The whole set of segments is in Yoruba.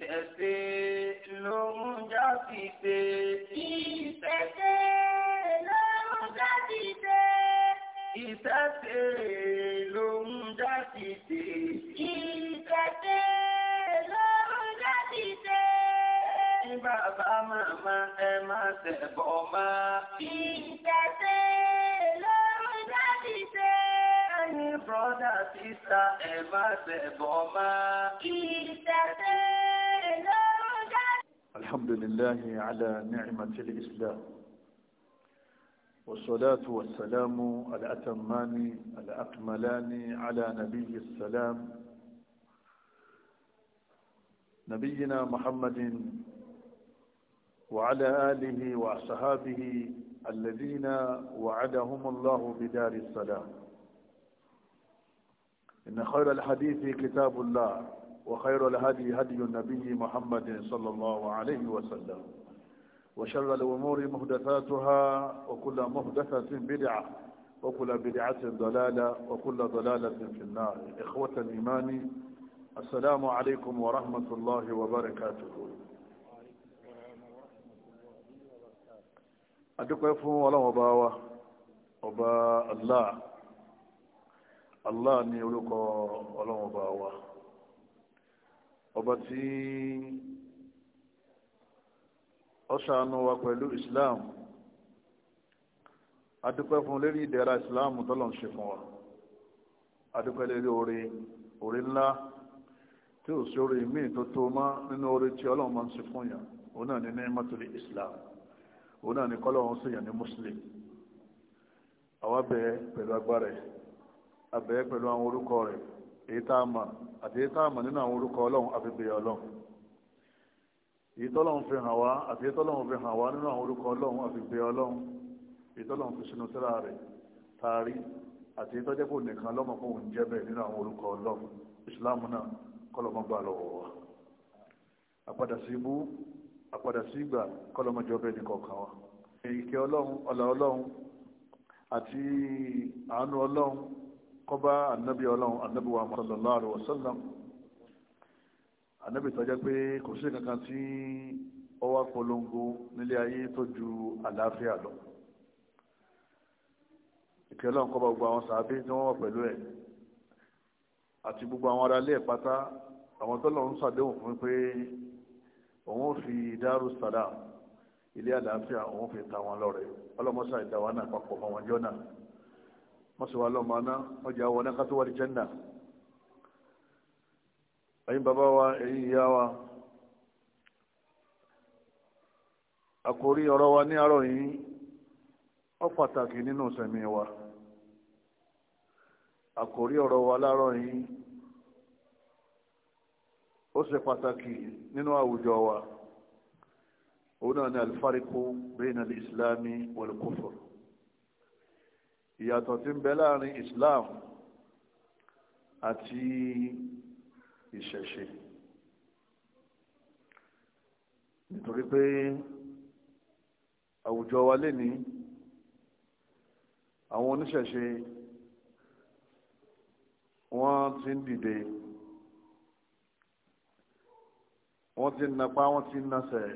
ìṣẹ̀ṣe ló ń já sí pé. ìṣẹ̀ṣe ló ń já sí pé. ìṣẹ̀ṣe ló ń já sí pé. ìṣẹ̀ṣe ló ń já sí pé. ní bàbá màmá ẹ má ṣẹ̀bọ̀ máa. ìṣẹ̀ṣe ló ń já sí pé ẹ̀yin brọ́dà sísá ẹ̀ má ṣẹ̀bọ̀ الحمد لله على نعمة الإسلام والصلاة والسلام الأتمان الأكملان على نبي السلام نبينا محمد وعلى آله وأصحابه الذين وعدهم الله بدار السلام إن خير الحديث كتاب الله وخير الهدي هدي النبي محمد صلى الله عليه وسلم وشر الأمور مهدثاتها وكل مهدثة بدعة وكل بدعة ضلالة وكل ضلالة في النار إخوة الإيمان السلام عليكم ورحمة الله وبركاته أدوك يفهم ولا مباوة أبا الله الله نيولك ولا مباوة ọba tí ó ṣàánú wa pẹ̀lú islam adúpẹ́ fún lérí ìdẹ̀ra islam tọ́lọ̀ ń ṣe fún wa adúpẹ́ lérí orí ńlá tí ò sí oore tó tó má nínú orí tí ọlọ́run ṣe fún yàn òun náà ni ní mọ́tòlì islam òun náà n'i kọ́lọ́run sì yàn ní muslim pẹ̀lú agbára pẹ̀lú àwọn orúkọ rẹ̀ èyí tá a àti a ti nínú àwọn orúkọ ọlọ́run àfihàn ọlọ́run èyí fi hàn wá àti èyí fi hàn wá nínú àwọn orúkọ ọlọ́run àfihàn ọlọ́run èyí fi sinú síra rẹ̀ taari àti èyí nìkan lọ́mọ jẹ́ bẹ́ẹ̀ nínú àwọn orúkọ ọlọ́run ìsìláàmù náà kọ́lọ́mọ lọ́wọ́ wa àpadà sí ibú àpadà sí ìgbà kọ́lọ́mọ kọba anabi ọlọ́run anabi wa sallallahu alaihi wasallam anabi tó jẹ́ pé kò sí kankan tí ó wá polongo nílé ayé tó ju àlàáfíà lọ ìkẹ́ ọlọ́run kọba gbogbo àwọn sàábé tí wọ́n wà pẹ̀lú ẹ̀ àti gbogbo àwọn ará ilé ìpátá àwọn tó lọ́run ṣàdéhùn fún pé òun ò fi dárú sàdá ilé àlàáfíà òun fi ta wọn lọ́rẹ ọlọ́mọṣà ìdáwọ́ náà papọ̀ mọ́ wọn jọ náà mọ́sùn wa lọ́mọ aná ọjà wọn náà kátó wà ní jẹ́nà ẹ̀yin bàbá wa ẹ̀yin ìyá wa àkórí ọ̀rọ̀ wa ní àárọ̀ yìí ó pàtàkì nínú sẹ̀mí wa àkórí ọ̀rọ̀ wa láàárọ̀ yìí ó ṣe pàtàkì nínú àwùjọ wa òun náà ni alifáríkù bẹ́ẹ̀ ní alìsílámì wal kufur ìyàtọ̀ tí ń bẹ láàrin Islam àti ìṣẹ̀ṣe nítorí pé àwùjọ wa lè ní àwọn oníṣẹ̀ṣe wọ́n ti ń dìde wọ́n ti ń napá wọ́n ti ń nasẹ̀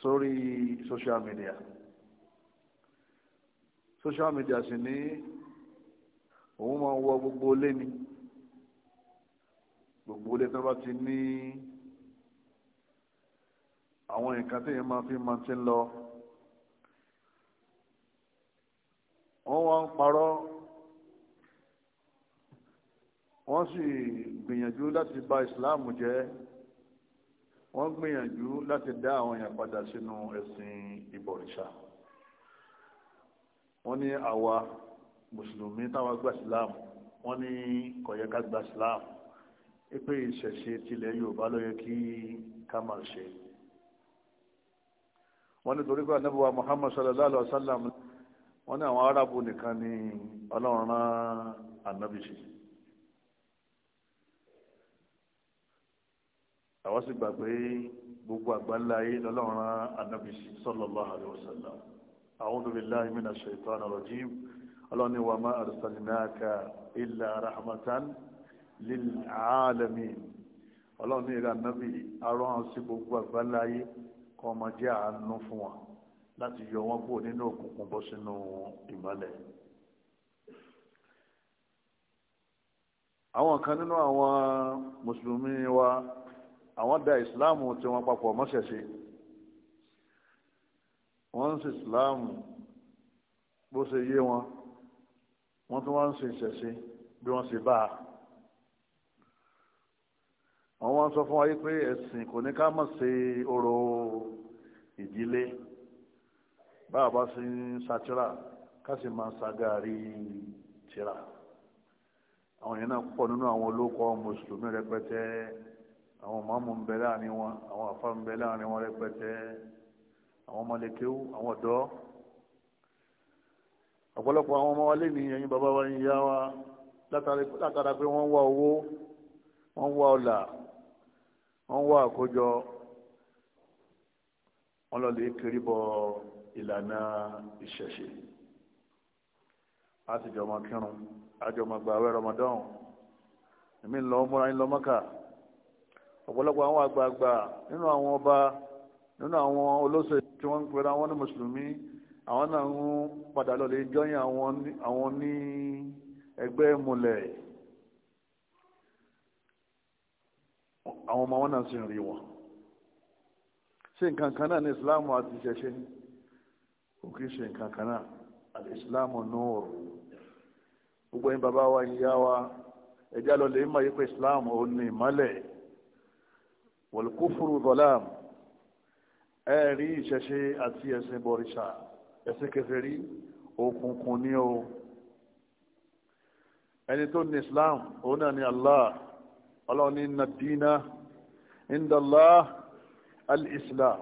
sórí social media social media sì ní òun máa ń wọ gbogbo ilé ni gbogbo ilé tó bá ti ní àwọn nǹkan tí èèyàn máa fi máa ti ń lọ wọ́n wá ń parọ́ wọ́n sì gbìyànjú láti bà ìsìláàmù jẹ́ wọ́n gbìyànjú láti dá àwọn èèyàn padà sínú ẹ̀sìn ìbọ̀rìṣà wọ́n ní àwa mùsùlùmí táwa gba islam wọ́n ní kò yẹ ká gba islam pé ìṣẹ̀ṣe tilẹ̀ yorùbá ló yẹ kí ká ṣe wọ́n ní torí pé ànábì muhammad sallallahu alaihi wa sallam wọ́n ní àwọn arábù nìkan ni ọlọ́run rán ànábì sí àwọn sì gbà gbogbo àgbáńlá ayé lọ́lọ́run rán ànábì sí sallallahu alaihi wa أعوذ بالله من الشيطان الرجيم اللهم وما أرسلناك إلا رحمة للعالمين اللهم إلى النبي أروان سبب وبلاي كما جاء النفوة láti yọ wọn kúrò nínú òkùnkùn bọ́ sínú ìmọ́lẹ̀ àwọn kan nínú àwọn mùsùlùmí wa àwọn da ìsìláàmù tí wọ́n papọ̀ mọ́ṣẹ̀ṣe wọ́n ń sin ìsìláàmù bó ṣe yé wọn wọ́n tún wọ́n ń sin ìṣẹ̀ṣe bí wọ́n ṣe bá a. àwọn wọn sọ fún wa yìí pé ẹ̀sìn kò ní ká má ṣe orò ìdílé bá bá ṣe ń ṣàtìrà ká sì máa ṣàgàrí tìrà àwọn yẹn náà pọ̀ nínú àwọn olóko mùsùlùmí rẹpẹtẹ àwọn màmú ń bẹ láàrin wọn àwọn àfa ń bẹ láàrin wọn rẹpẹtẹ àwọn ọmọlẹ́kẹ́wù àwọn ọ̀dọ́ ọ̀pọ̀lọpọ̀ àwọn ọmọ wa lé ní ẹ̀yin bàbá wa ń yá wa látara pé wọ́n wá owó wọ́n wá ọlà wọ́n wá àkójọ wọ́n lọ lè kiri bọ ìlànà ìṣẹ̀ṣe láti jọ máa kírun àjọ máa gba àwẹ̀ Ramadan èmi ń lọ múra ń lọ Mọ́kà ọ̀pọ̀lọpọ̀ àwọn àgbààgbà nínú àwọn ọba nínú àwọn olóṣèlú tí wọ́n ń pera wọn ní mùsùlùmí àwọn náà ń padà lọ lè jọyìn àwọn ní ẹgbẹ́ múlẹ̀ àwọn ọmọ wọn náà sì ń rí wọn ṣe nǹkan kan náà ní ìsìláàmù àti ìṣẹ̀ṣe kò kí ṣe nǹkan kan náà àti ìsìláàmù nùúrù gbogbo yín bàbá wa ìyá wa ẹ̀jẹ̀ lọ lè má yí pé ìsìláàmù ní ìmọ́lẹ̀ wal kufru dhalam ẹ rí ìṣẹ̀ṣe àti ẹ̀sìn bọ̀rìṣà ẹ̀sìn kèfèrí òkùnkùn ni o ẹni tó ní islam òun náà ni allah ọlọ́run ní nàdínà indala al-islam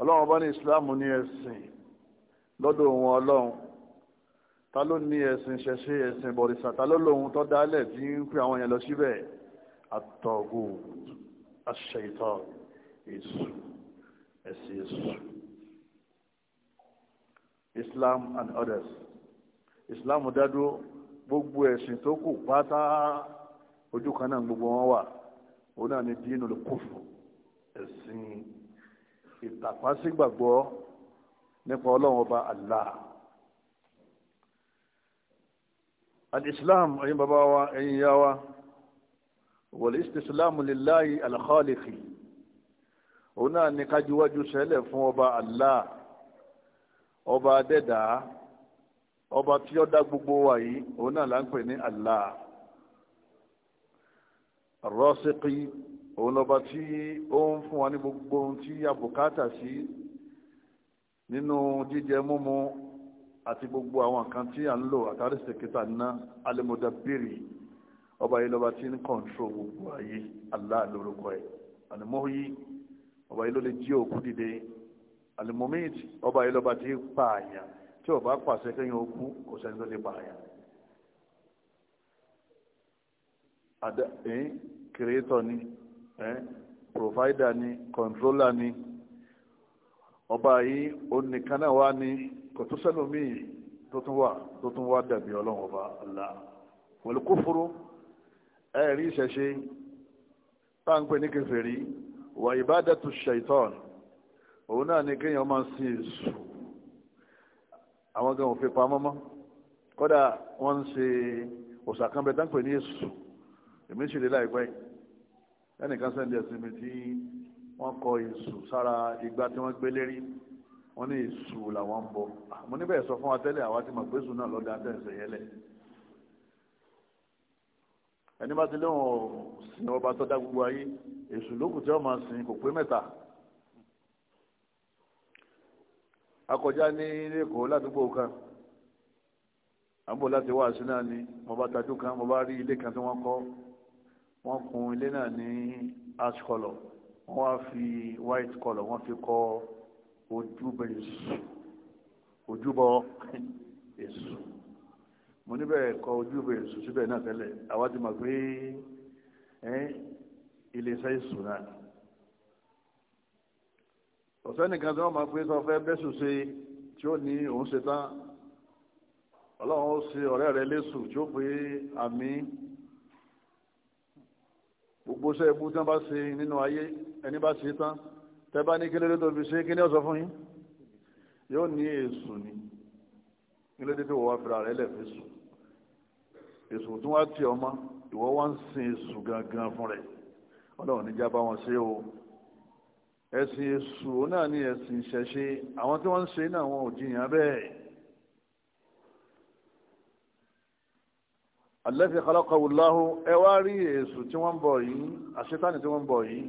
ọlọ́run bá ní islam ní ẹ̀sìn lọ́dọ̀ òun ọlọ́run ta ló ní ẹ̀sìn ṣẹ̀ṣe ẹ̀sìn bọ̀rìṣà ta ló lóhun tó dálẹ̀ tí ń pè àwọn èèyàn lọ síbẹ̀ àtọ̀gùn àṣẹ ìtọ̀ èṣù ẹ̀sìn èṣù Islam and others Islam dádúró gbogbo ẹ̀sìn tó kù pátá ojú kan náà gbogbo wọn wà òun náà ni dínú lè kófù ẹ̀sìn ìtàpásígbàgbọ́ nípa ọlọ́run ọba Allah al-islam ẹ̀yin bàbá wa ẹ̀yin yá wa wal-istislamu lillahi al-khaliqi òun náà ni kájúwájú sẹ́lẹ̀ fún ọba Allah ọba adẹ́dàá ọba tí ó dá gbogbo wa yìí òun náà là ń pè ní Allah rọ́ṣíkì òun lọ́ba tí ó ń fún wa ní gbogbo ohun tí àbùkátà sí nínú jíjẹ múmu àti gbogbo àwọn nǹkan tí à ń lò àtàrí sèkítà ná alimodabiri ọba yìí lọ́ba tí ń kọ̀ǹtró gbogbo ayé Allah lórúkọ ẹ̀ ànàmọ́ yìí ọba yìí ló lè jí òkú dìde alimomit ọba yìí lọ́ba ti pa tí ọba pàṣẹ kẹ́yìn òkú kò sẹ́ni tó lè pa ada ẹ̀yìn kìrìtọ̀ ni ẹ̀yìn provider ni controller ni ọba yìí onìkan náà wá ní kò tó sẹ́lómìn tó tún wà tó tún wá dàbí ọlọ́run ọba Allah wal kufru ẹ̀rí ìṣẹ̀ṣe ní kẹfẹ́ rí wà ìbádẹ́tù ṣaitan òun náà ni kéèyàn máa sin èṣù àwọn gan òfin pamọ́ mọ́ kódà wọ́n ń ṣe òṣàkánbẹ dáńpẹ́ ní èṣù èmi ṣèlè láìpẹ́ ẹnìkan sẹ́ndì ẹ̀sìn mi tí wọ́n kọ èṣù sára igbá tí wọ́n gbé lérí wọ́n ní èṣù làwọn ń bọ̀ mo níbẹ̀ sọ fún wa tẹ́lẹ̀ àwa ti mọ̀ pé èṣù náà lọ́ọ́ da tẹ̀sẹ̀ yẹlẹ̀ ẹni bá ti léwọn sin ọba tó èṣù lókùn tí wọ́n máa sin kò pé mẹ́ta akọjá ní ilé èkó ládùúgbò kan àbò láti wá àṣì náà ni mo bá tajú kan mo bá rí ilé kan tí wọ́n kọ́ wọ́n kun ilé náà ní ash colour wọ́n wá fi white colour wọ́n fi kọ́ ojúbọ èṣù ojúbọ èṣù mo níbẹ̀ kọ́ ojúbọ èṣù síbẹ̀ náà tẹ́lẹ̀ àwa ti mọ̀ pé ẹ́n iléeṣẹ́ ìṣúná ọ̀sẹ́ nìkan tí wọ́n máa pín sọ fẹ́ bẹ́sù ṣe tí ó ní òun ṣe tán ọlọ́run ó ṣe ọ̀rẹ́ rẹ̀ lẹ́sù tí ó pé àmì gbogbo ṣe ibú tí wọ́n bá ṣe nínú ayé ẹni bá ṣe tán tẹ́ bá ní kílódé tó fi ṣe kí ni ó sọ fún yín yóò ní èṣù ni kílódé tó wọ́n wá fira rẹ̀ lẹ̀ fẹ́ sùn èṣù tí wọ́n ti ọmọ ìwọ́ wá ń sin èṣù gangan fún rẹ̀ ọlọ́run níjà bá wọn ṣe o ẹ̀sìn èṣù náà ní ẹ̀sìn ìṣẹ̀ṣe àwọn tí wọ́n ń ṣe náà wọn ò jiyàn bẹ́ẹ̀. alẹ́fi kọlọ́kọ̀wò láhùn ẹ wá rí èṣù tí wọ́n ń bọ̀ yìí àṣetánì tí wọ́n ń bọ̀ yìí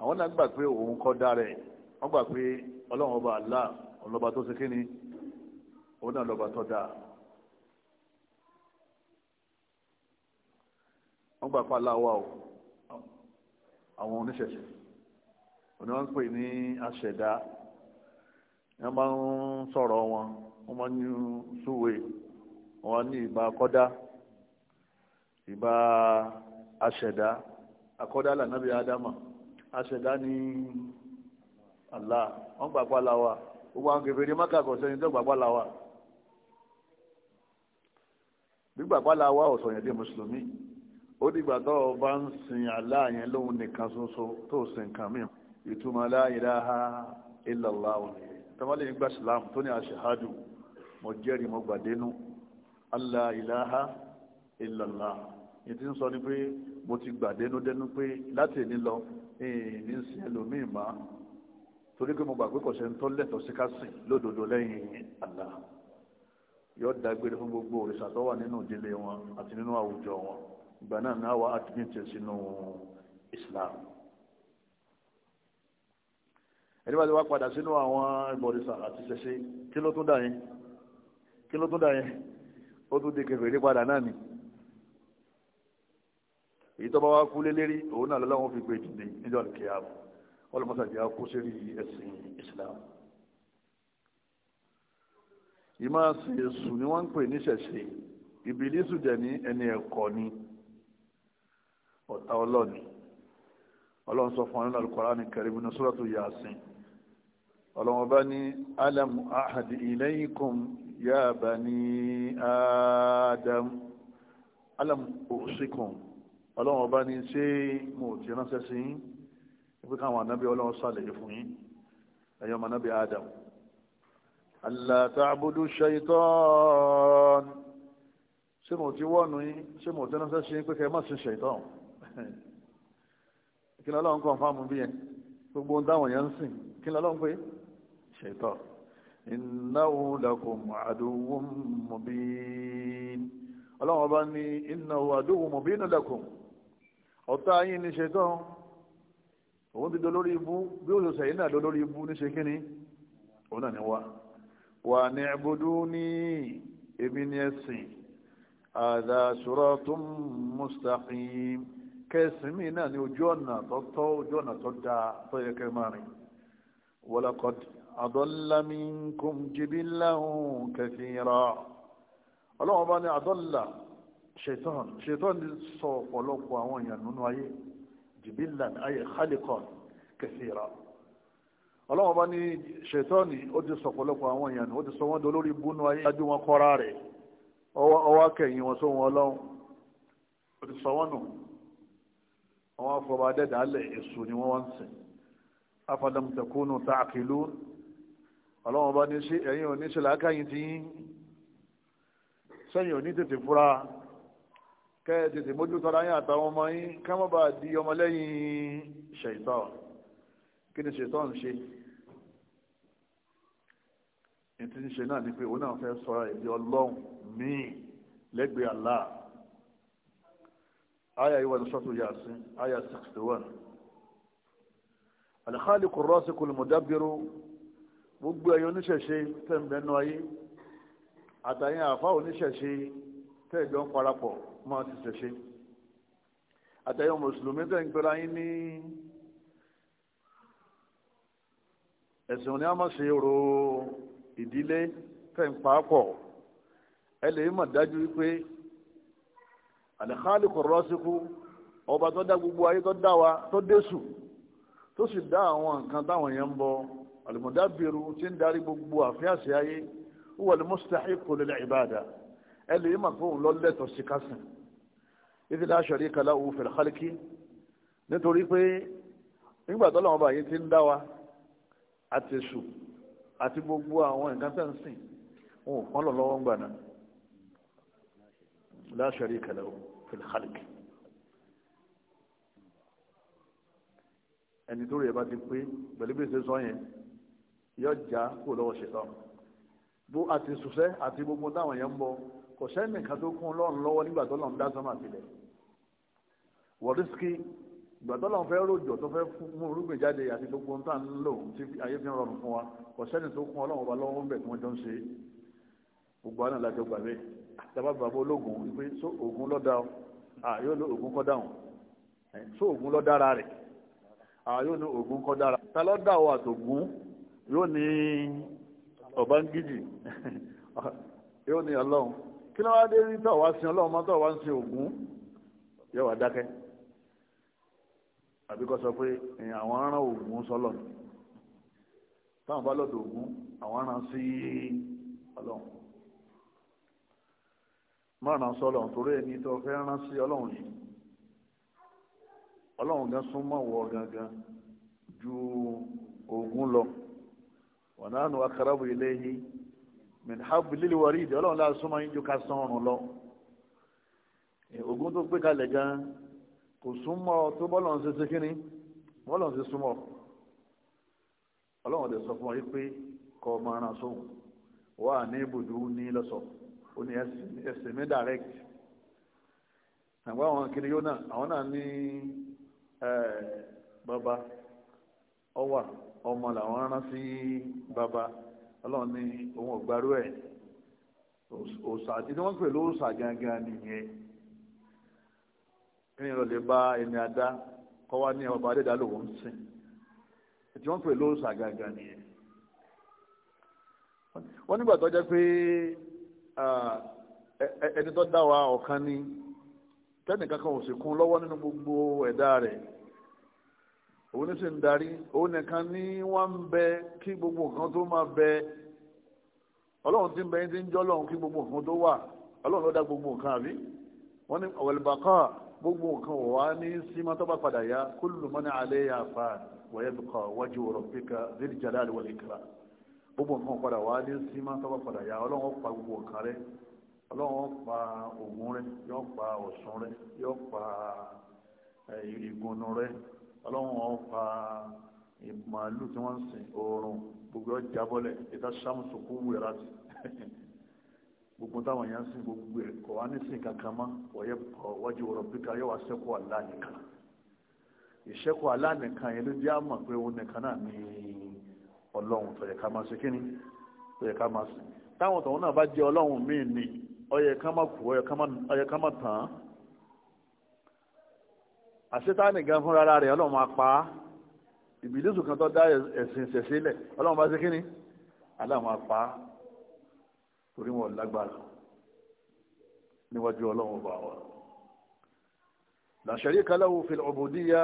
àwọn náà gbà pé òun kọ́ dárẹ̀ wọ́n gbà pé ọlọ́run ọba àlá ọlọ́ba tó ṣe kíni òun náà lọ́ba tó dáa. wọ́n gbà pé aláwa o. àwọn oníṣẹ̀ṣẹ̀ òní wọ́n ń pè ní aṣẹ̀dá wọ́n máa ń sọ̀rọ̀ wọn wọ́n máa ń súwe wọ́n ní ìbá akọ́dá ìbá aṣẹ̀dá akọ́dá lànàbí ádámà aṣẹ̀dá ní Allah wọ́n gbàgbọ́ aláwa gbogbo àwọn kèfèrè mákàkọ̀ sẹ́yìn tó mùsùlùmí ó dìgbà tó o bá ń sin aláàyẹn lóhun nìkan ṣoṣo tó o sin nǹkan mìíràn ìtumọ̀ la ilaha illallah òní tọ́mọ́lẹ̀ nígbà islam tó ní aṣèhádù mo jẹ́rìí mo gbàdénú allah ilaha illallah ní ti ń sọ ni pé mo ti gbàdénúdénú pé láti èní lọ ní ń sin ẹlòmíì yóò dágbére fún gbogbo òrìṣà tó wà nínú ìdílé wọn àti nínú àwùjọ wọn ìgbà náà ní àwa àtúntì sínú Islam ẹni bá ti wá padà sínú àwọn ìbọ̀rìṣà àti ṣẹṣẹ kí kilo tún dà yẹn kí ló tún dà yẹn ó tún di kèfèrí padà náà ni èyí tó bá wá kú lé lérí òun náà lọ́wọ́ fi gbé dìde níjọ́ àlùkìyàmù ọlọ́mọsàdì akó sórí ẹ̀sìn Islam Ima ṣe èṣù ni wọ́n ń pè ní ṣẹ̀ṣẹ̀ ìbílísù jẹ́ ní ẹni ni ọ̀tá ọlọ́ni ọlọ́run sọ fún ọlọ́run Al-Qur'an Karim nínú Suratu Yasin ọlọ́run bá ní alam ahad ilaykum ya bani adam alam usikum ọlọ́run bá ní ṣé mo ti ránṣẹ́ sí yín wípé káwọn anábì ọlọ́run sàlẹ̀ fún yín ẹ̀yọ́ ọmọ anábì adam alla ta'budu ṣé mo ti wọ́nu yín ṣé mo ti ránṣẹ́ sí yín pé kẹ́ ẹ má sin ṣaitan kí lọ́lọ́run kàn fáwọn bí yẹn gbogbo ohun ya yẹn ń sìn kí lọ́lọ́run pé ṣètọ́ innahu lakum aduwwun mubin ọlọ́run ọba ní innahu aduwwun mubin lakum ọ̀tá yín ní ṣètọ́ òun ti ibú bí O yìí náà dolórí ibú ní ṣe òun náà ni wá wà ní ní ní àdàṣúrọ̀ tó kẹsìn mí náà ní ojú ọ̀nà tó tọ́ ojú ọ̀nà tó dáa tó yẹ kẹ́ máa rìn walaqad adalla minkum jibillan kathira ọlọ́wọ́n bá ní adalla ṣètọ́n ṣètọ́n ní sọ ọ̀pọ̀lọpọ̀ àwọn èèyàn nínú ayé jibillan ayé khaliqan kathira ọlọ́wọ́n bá ní ṣètọ́n ní ó ti sọ ọ̀pọ̀lọpọ̀ àwọn èèyàn ó ti sọ wọ́n dolórí búnú ayé dájú wọn kọ́ra rẹ̀ ọwọ́ akẹ́yìn wọn sóhun ọlọ́run ó ti sọ wọ́n nù àwọn afọba adẹ́dàálẹ̀ èso ni wọ́n wá ń sìn afadamtakunu tààkìlú ọlọ́wọ́n bá ní sí ẹ̀yìn oníṣẹ́ làákàyìn ti yín sẹ́yìn òní tètè fura kẹ́ ẹ tètè mójútọ́ra yín àtàwọn ọmọ yín ká má di ọmọlẹ́yìn ṣèyítọ́ kí ni ṣèyítọ́ ń ṣe ètí ń ṣe náà ni pé òun náà fẹ́ sọ̀rọ̀ èdè ọlọ́run míì lẹ́gbẹ̀ẹ́ Allah آية yìí wà ní sọ́tù yasin aya 61 alkhaliqu rasiku almudabbiru gbogbo ẹ̀yin oníṣẹ̀ṣe tẹ̀m̀bẹ̀nu ayé àtàyìn àfa oníṣẹ̀ṣe tẹ̀jọ́ ń parapọ̀ máa ti ṣẹ̀ṣe àtàyìn mùsùlùmí tẹ̀ ń pera yín ní ẹ̀sìn òní àmọ̀ṣe ro ìdílé tẹ̀ ń pàápọ̀ ẹ lè mọ̀ dájú wípé àlẹ́kálíkò rọ́síkú ọba tó dá gbogbo ayé tó dá wa tó désù tó sì dá àwọn nǹkan táwọn yẹn ń bọ àlùmọ̀dábìrú tí ń darí gbogbo àfíàsí ayé wọ́n lè mọ́sítàhí kò lè ìbáàdà ẹ lè má fóun lọ́lẹ́tọ̀ sí kásìn ìdílé aṣọ̀rí kala òun fẹ̀rẹ̀ kálíkì nítorí pé nígbà tó làwọn ọba yìí ti ń dá wa àti èṣù àti gbogbo àwọn nǹkan tẹ̀ ń sìn wọn ò pọ́n lọ́wọ́ ń gbà náà. لا شريك له في الخلق ẹni tó rẹ̀ bá ti pé pẹ̀lú bí ṣe sọ yẹn yọ já kó lọ́wọ́ ṣetán bó àti ṣùṣẹ́ àti gbogbo táwọn yẹn ń bọ kò sẹ́nìkan tó kún lọ́run lọ́wọ́ nígbà tó lọ́n dá sọ́mà sílẹ̀ wọ̀rísíkì ìgbà tó lọ́n fẹ́ rojọ́ tó fẹ́ mú irúgbìn jáde àti gbogbo tá ń lò tí ayé fi ń rọrùn fún wa kò sẹ́ni tó kún ọlọ́run ọba lọ́wọ́ ń bẹ̀ tí wọ́n jọ ń ṣe gbogbo àná lájọ gbà àtàbà bàbá ológun wípé so oògùn lọ da ọ yóò lo oògùn kọ dáhùn so oògùn lọ dára rẹ yóò lo oògùn kọ dára ta lọ dà ọ àtògùn yóò ní ọbangíjì yóò ní ọlọ́run kí ló wá dé rí tọ̀ wá sin ọlọ́run mọ́ tọ̀ wá ń sin oògùn yóò wá dákẹ́ àbí kọ́ sọ pé àwọn aràn oògùn sọlọ táwọn bá lọ́dọ̀ oògùn àwọn aràn sí ọlọ́run. márùn sọlọ torí ẹni tó fẹ́ rán sí ọlọ́run yìí ọlọ́run gan súnmọ́ wọ gangan ju ogun lọ wọn náà nù akarabu ilayhi min hablil warid ọlọ́run láti súnmọ́ yín ju ká sán ọrùn lọ ogun tó gbé kalẹ̀ gan kò súnmọ́ tó bọ́lọ̀ ń ṣe ṣe kínní bọ́lọ̀ ń ṣe súnmọ́ ọlọ́run sọ fún ọ yìí pé kọ́ ó ní ẹsẹ̀ mi direct Na àwọn kiri yóò náà àwọn náà ní baba ọwà ọmọ làwọn rán sí bàbá ọlọ́run ní ohun ọ̀gbárú ẹ̀ òòsà àti tí wọ́n pè lóòsà gangan nìyẹn kí ìrọ̀lẹ́ bá ẹni adá kọ́ wá ní ọba adéda lòun sìn tí wọ́n pè lóòsà gangan nìyẹn wọ́n nígbà ẹni tó dá wa ọ̀kan ni tẹ́nìkan kan ò sì kún lọ́wọ́ nínú gbogbo ẹ̀dá rẹ̀ òun ní sì ń darí òun nìkan ní wọ́n ń bẹ kí gbogbo nǹkan tó máa bẹ ọlọ́run ti ń bẹ yín ti ń jọ́ lọ́run kí gbogbo nǹkan tó wà ọlọ́run ló dá gbogbo nǹkan àbí wọ́n ní ọ̀wẹ̀lùbàkà gbogbo nǹkan wà ní símá tó bá padà yá kullu man alayha fan wa yabqa wajhu rabbika dhil jalali wal ikram gbogbo nǹkan padà wà á dé sí tọ́wọ́ padà yá ọlọ́run pa gbogbo nǹkan rẹ ọlọ́run pa ògùn rẹ yóò pa ọ̀sùn rẹ yóò pa ìgùnnù rẹ ọlọ́run pa màálù tí wọ́n ń sìn oòrùn gbogbo ọjà bọ́lẹ̀ ìta sàmùsù kú wúra sí gbogbo táwọn èèyàn sìn gbogbo ẹ̀ kọ̀ wá ní sìn kankan mọ́ wọ́yẹ wájú ọ̀rọ̀ píkà yóò wá sẹ́kù àlá nìkan ìṣẹ́kù yẹn ló jẹ́ àmọ̀ pé òun nìkan náà ní ọlọ́run tó yẹ ká máa ṣe kí ni tó yẹ ká máa ṣe táwọn tọ̀hún náà bá jẹ́ ọlọ́run míì ni ó yẹ ká máa kú ó yẹ ká máa tàn án àṣetáni gan fúnra ara rẹ̀ ọlọ́run máa pa á ìbílẹ̀sùn kan tó dá ẹ̀sìn ìṣẹ̀sílẹ̀ ọlọ́run bá ṣe kí ni aláwọn máa pa á torí wọn lágbára níwájú ọlọ́run bá wa la sharika lahu fil ubudiyya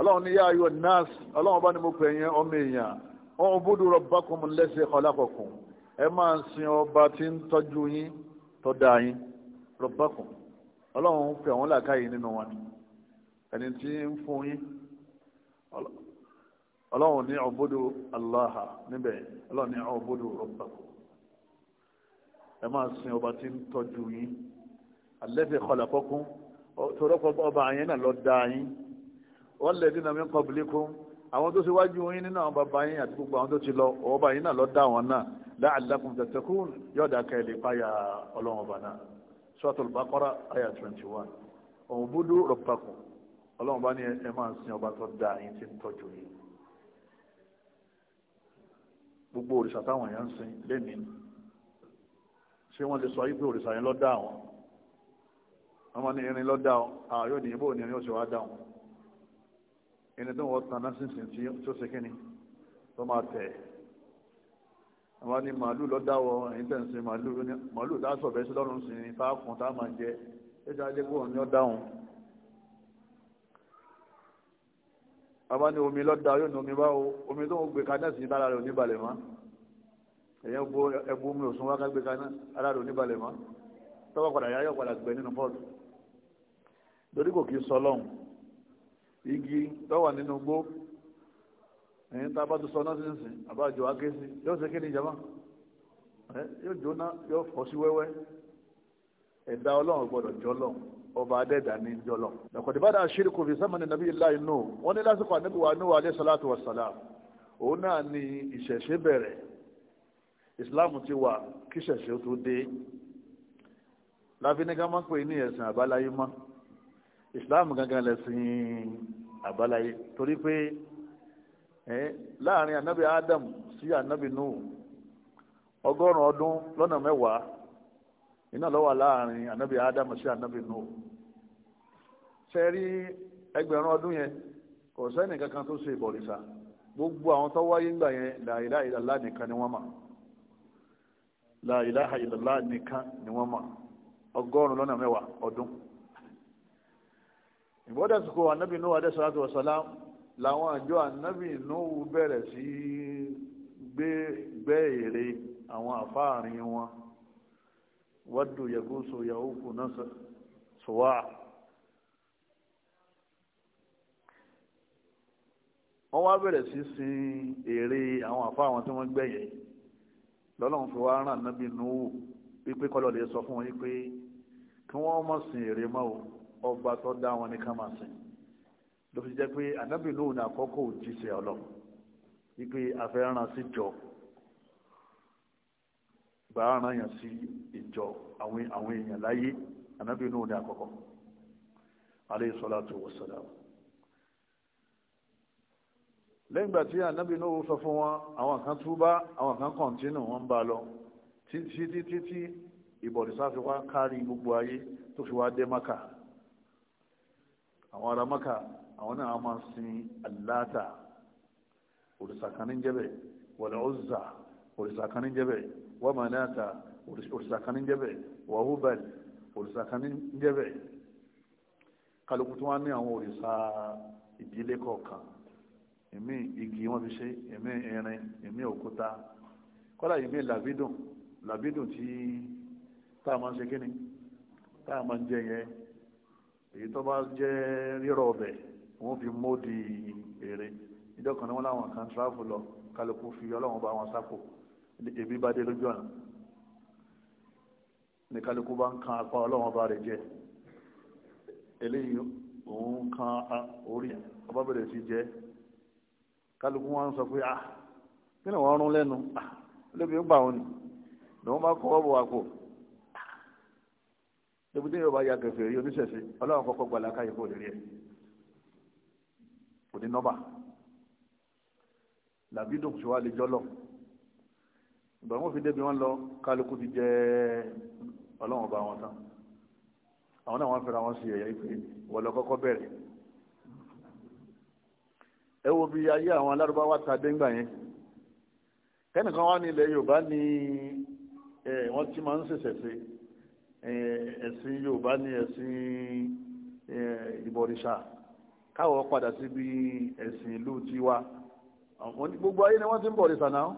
ọlọ́run ní yá ayọ̀ nọ́ọ̀sì ọlọ́run bá ní mo pè yẹn ọmọ èèyàn wọn búdú rabbakum lẹ́sẹ̀ ọlákọ̀kùn ẹ máa ń sin ọba tí ń tọ́jú yín tó dá yín rabbakum ọlọ́run pè àwọn làkàyè nínú wọn ẹni tí ń fún yín ọlọ́run ní ọ̀bọ́dọ̀ aláha níbẹ̀ ọlọ́run ní ọ̀bọ́dọ̀ rabbakum ẹ máa sin ọba tí ń tọ́jú yín alẹ́sẹ̀ ọlákọ̀kùn tọ́lọ́pọ̀ ọba yẹn náà ló dá yín walladhina min qablikum àwọn tó ṣíwájú yín nínú àwọn bàbá yín àti gbogbo àwọn tó ti lọ ọba yín náà lọ dá àwọn náà la'allakum tattaqun yóò dá ká ilé páyà ọlọ́run ọba náà Suratul Baqara àyà twenty one u'budu rabbakum ọlọ́run bá ní ẹ máa ń sin ọba tó dá yín tí ń tọ́jú yín gbogbo òrìṣà táwọn èèyàn ń sin lẹ́nìí ṣé wọ́n lè sọ yí pé òrìṣà yẹn lọ́ dá àwọn ní irin lọ́ dá àwọn yóò ẹni tó wọ́n tán náà sínsìn tí ó ṣe kíni tó máa tẹ̀ àwọn ni màálù lọ dáwọ́ ẹ̀yìn tẹ̀ ń sin màálù màálù tá a sọ̀ bẹ́ẹ̀ sí lọ́rùn sí ni tá a kùn tá a máa jẹ ẹ̀jẹ̀ ajé kó ní ọ́ dáhùn. àwọn ni omi lọ́dà yóò ní omi báwo omi tó ń gbé kaná sí lára rẹ̀ oníbalẹ̀ mọ́ ẹ̀yẹ́ gbó ẹgbó omi òsùn wákà gbé kaná ara rẹ̀ oníbalẹ̀ mọ́ tọ́wọ́ padà yá yọ̀ padà gbẹ nínú pọ́ọ̀lù lórí kò kí sọ igi lọ́wà nínú gbó ẹ̀yìn tá a bá tó sọ náà sí sí àbájọ aké sí yóò ṣe kí ni ìjàmá yóò jóná yóò fọ́ sí wẹ́wẹ́ ẹ̀dá ọlọ́run gbọ́dọ̀ jọlọ ọba adẹ́dà ní jọlọ. lọ́kọ̀dé bá dáa ṣírí kò fi sámánì nàbí ilá inú wọ́n ní lásìkò ànábì wa inú wa alẹ́ sàlátù wa sàlá òun náà ni ìṣẹ̀ṣe bẹ̀rẹ̀ ìsìláàmù ti wà kí ìṣẹ̀ṣe tó dé láfi ní ká má pè ní ẹ̀sìn àbáláyé mọ́ islam gangan lẹ́sìn tori torí pé láàrin anabi adam sí anabi nu ọgọrùn ọdún lọ́nà mẹ́wàá iná ló wà láàrin anabi adam sí anabi nu ṣe rí ọdún yẹn kò kankan tó ṣe ìbọ̀rìṣà gbogbo àwọn tó wáyé ńgbà yẹn la nika nìkan ni nìkan ni ọdún. ìbọ́dà sùkò ànábì Nuhu alayhi salatu wa salam làwọn àjọ ànábì Nuhu bẹ̀rẹ̀ sí gbé èrè àwọn àfáàrin wọn waddu yagusu ya'uqu nasr suwa' wọ́n wá bẹ̀rẹ̀ sí sin èrè àwọn àfáà wọn tí wọ́n gbẹ̀yìn lọ́lọ́run fi wá rán ànábì Nuhu wípé kọ́lọ́ lè sọ fún wọn wípé kí wọ́n má sin èrè mọ́ o ọba tó dá wọn ní ká máa sìn ló fi jẹ́ pé ànábì lóhùn ní àkọ́kọ́ òjíṣẹ́ ọlọ́ wípé afẹ́ràn sí jọ gbàrán yàn sí ìjọ àwọn èèyàn láyé ànábì lóhùn ní àkọ́kọ́ alayhi salatu wa salam lẹ́yìn ìgbà tí ànábì náà sọ fún wọn àwọn kan túbá àwọn kan kọ̀ǹtínù wọn ń bá lọ títí títí ìbọ̀dìsá fi wá kárí gbogbo ayé tó fi wá dé maka àwọn ará maka àwọn náà máa sin aláta òrìṣà kan ní jẹ́bẹ̀ wal uzza òrìṣà kan ní jẹ́bẹ̀ wa manata òrìṣà kan ní jẹ́bẹ̀ wa hubal òrìṣà kan ní jẹ́bẹ̀ kálukú tó wá ní àwọn òrìṣà ìdílé kọ̀ọ̀kan èmi igi wọn fi ṣe èmi irin èmi òkúta kọ́lá yìí mi làbídùn tí táà máa ń ṣe kíni táà máa ń jẹ yẹn èyí tó bá jẹ́ rírọ̀ ọbẹ̀ wọ́n fi módi èrè ìjọ kan ní wọ́n láwọn kan tíráfù lọ kálukú fi ọlọ́run bá wọn sápò ebi bá dé lójú ọ̀nà ní kálukú bá ń kan apá ọlọ́run bá rẹ̀ jẹ eléyìí òun kan orí ọba bẹ̀rẹ̀ sí jẹ kálukú wọn sọ pé ah kí ni wọ́n rún lẹ́nu ah lóbi ń bà wọn ni ni bá kọ́ ọ́ bọ̀ wá pò ebi tí yóò bá ya gẹ̀fẹ̀ rí oníṣẹ̀ṣe ọlọ́run kọ́kọ́ gba làákàyè kó lè rí ẹ̀ kò ní nọ́bà làbídùn ṣùgbọ́n àlè jọ́lọ̀ ìgbà wọn fi débi wọn lọ kálukú ti jẹ ọlọ́run ọba wọn tán àwọn náà wọn fẹ́ra wọn sí ẹ̀yà ìpè wọ́n lọ kọ́kọ́ bẹ̀rẹ̀ ẹ wo bí ayé àwọn alárúbáwá ta déngbà yẹn kẹ́nìkan wá ní ilẹ̀ yorùbá ni wọ́n ti máa ń ṣẹ̀ṣẹ̀ ṣe ẹ̀sìn Yorùbá ní ẹ̀sìn ìbọ̀rìṣà káwọ̀ padà síbi ẹ̀sìn ìlú tiwa gbogbo ayé ni wọ́n ti ń bọ̀rìṣà náà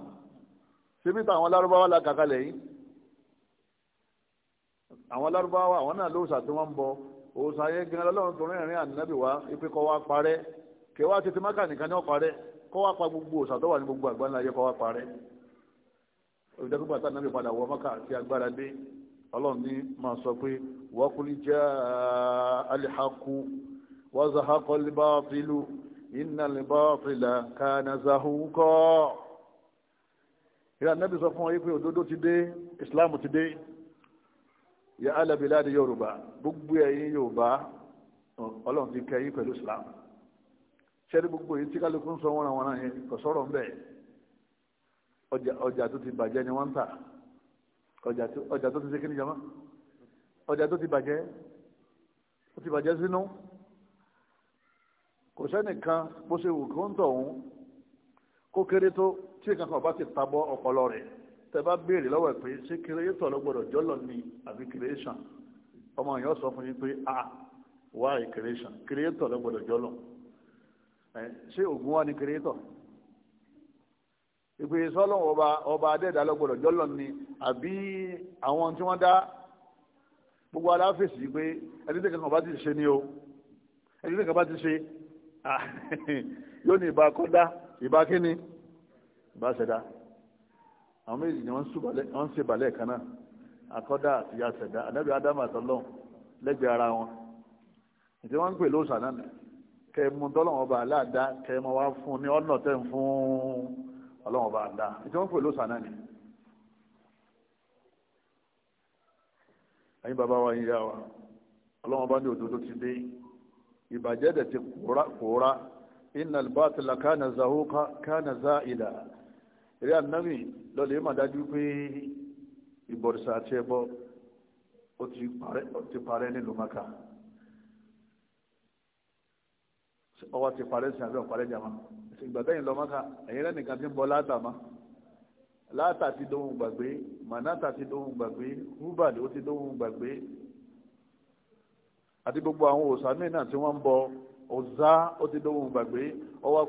síbi táwọn lárúbáwá la kàkalẹ̀ yìí àwọn lárúbáwá àwọn náà lóòṣà tí wọ́n ń bọ òòṣà yẹn gan lọ́lọ́run tó rìnrìn ànábì wá ipe kọ́ wá parẹ́ kẹwàá tètè mákà nìkan ní ó parẹ́ kọ́ wá pa gbogbo òòṣà tó wà ní gbogbo àgbáńlá yẹ kọ́ wá parẹ́ òdìdẹ́gbẹ́gbà tá ànábì padà wọ mákà àti agbára dé ọlọ́run ní máa sọ pé wọ́kùnrin jẹ́ alihaku wọ́zahakọ́ libáfílù iná libáfílà kánazahúkọ́ ìrìn ànábì sọ fún ọ yí pé ti dé islam ti dé ya alábìlá di yorùbá gbogbo ẹ̀yin yorùbá ọlọ́run ti kẹ́ yín pẹ̀lú islam gbogbo yìí tí kálukú ń sọ wọ́n ra yẹn ọjà tó ti bàjẹ́ ọjà tó ti ṣe kí ni jama ọjà tó ti bàjẹ́ ó ti bàjẹ́ sínú kò sẹ́nìkan bó ṣe wù kó ń tọ̀ òun kó kéré tó tí nǹkan kan bá ti tabọ́ ọpọlọ rẹ̀ tẹ bá béèrè lọ́wọ́ ẹ̀ pé ṣé kírẹ́tọ̀ ló gbọ́dọ̀ jọ́lọ̀ ni àbí kírẹ́ṣàn ọmọ yẹn sọ fún yín pé a wá kírẹ́ṣàn kírẹ́tọ̀ ló gbọ́dọ̀ jọ́lọ̀ ṣé ògùn wa ni kírẹ́tọ̀ ìpè sọ́lọ́ ọba ọba adẹ́ẹ̀dá lọ́gbọ̀dọ̀ jọ́lọ́ ni àbí àwọn tí wọ́n dá gbogbo aláfẹ́sì pé ẹni tí kankan bá ti ṣe ni o ẹni tí kankan bá ti ṣe yóò ní ìbá kọ́dá ìbá kíni ìbá ṣẹ̀dá àwọn méjì ni wọ́n ń ṣe balẹ̀ kan náà akọ́dá àti àṣẹ̀dá ànábì ádámù àtọ́lọ́ lẹ́gbẹ̀ẹ́ ara wọn ìdí wọ́n ń pè lóòṣà náà kẹ́ ẹ ọba aláàdá kẹ́ wá fún ní ọ̀nà tẹ́ fún un ọlọ́wọ́n bá dá ìtí wọ́n pè ló sànà ni ẹ̀yin bàbá wa yíyá wa ọlọ́wọ́n bá ní òdodo ti dé ìbàjẹ́ dẹ̀ ti kóra iná bàtìlá kánà zahuka kánà záìlà eré ànábì lọ́lẹ̀ yìí mà dájú pé ìbọ̀rìṣà àti ẹbọ ó ti parẹ́ nílùú maka ọwọ́ ti parẹ́ sí àbẹ́ ọ̀parẹ́ jama ìgbà tẹ́yìn lọ mọ́ka ẹ̀yìn rẹ̀ nìkan ti ń bọ láàtà ma láàtà ti dóhun gbàgbé mànátà ti dóhun gbàgbé húbàdì ó ti dóhun gbàgbé àti gbogbo àwọn òòsàn míì náà tí wọ́n ń bọ ọ̀zá ó ti dóhun gbàgbé ọwọ́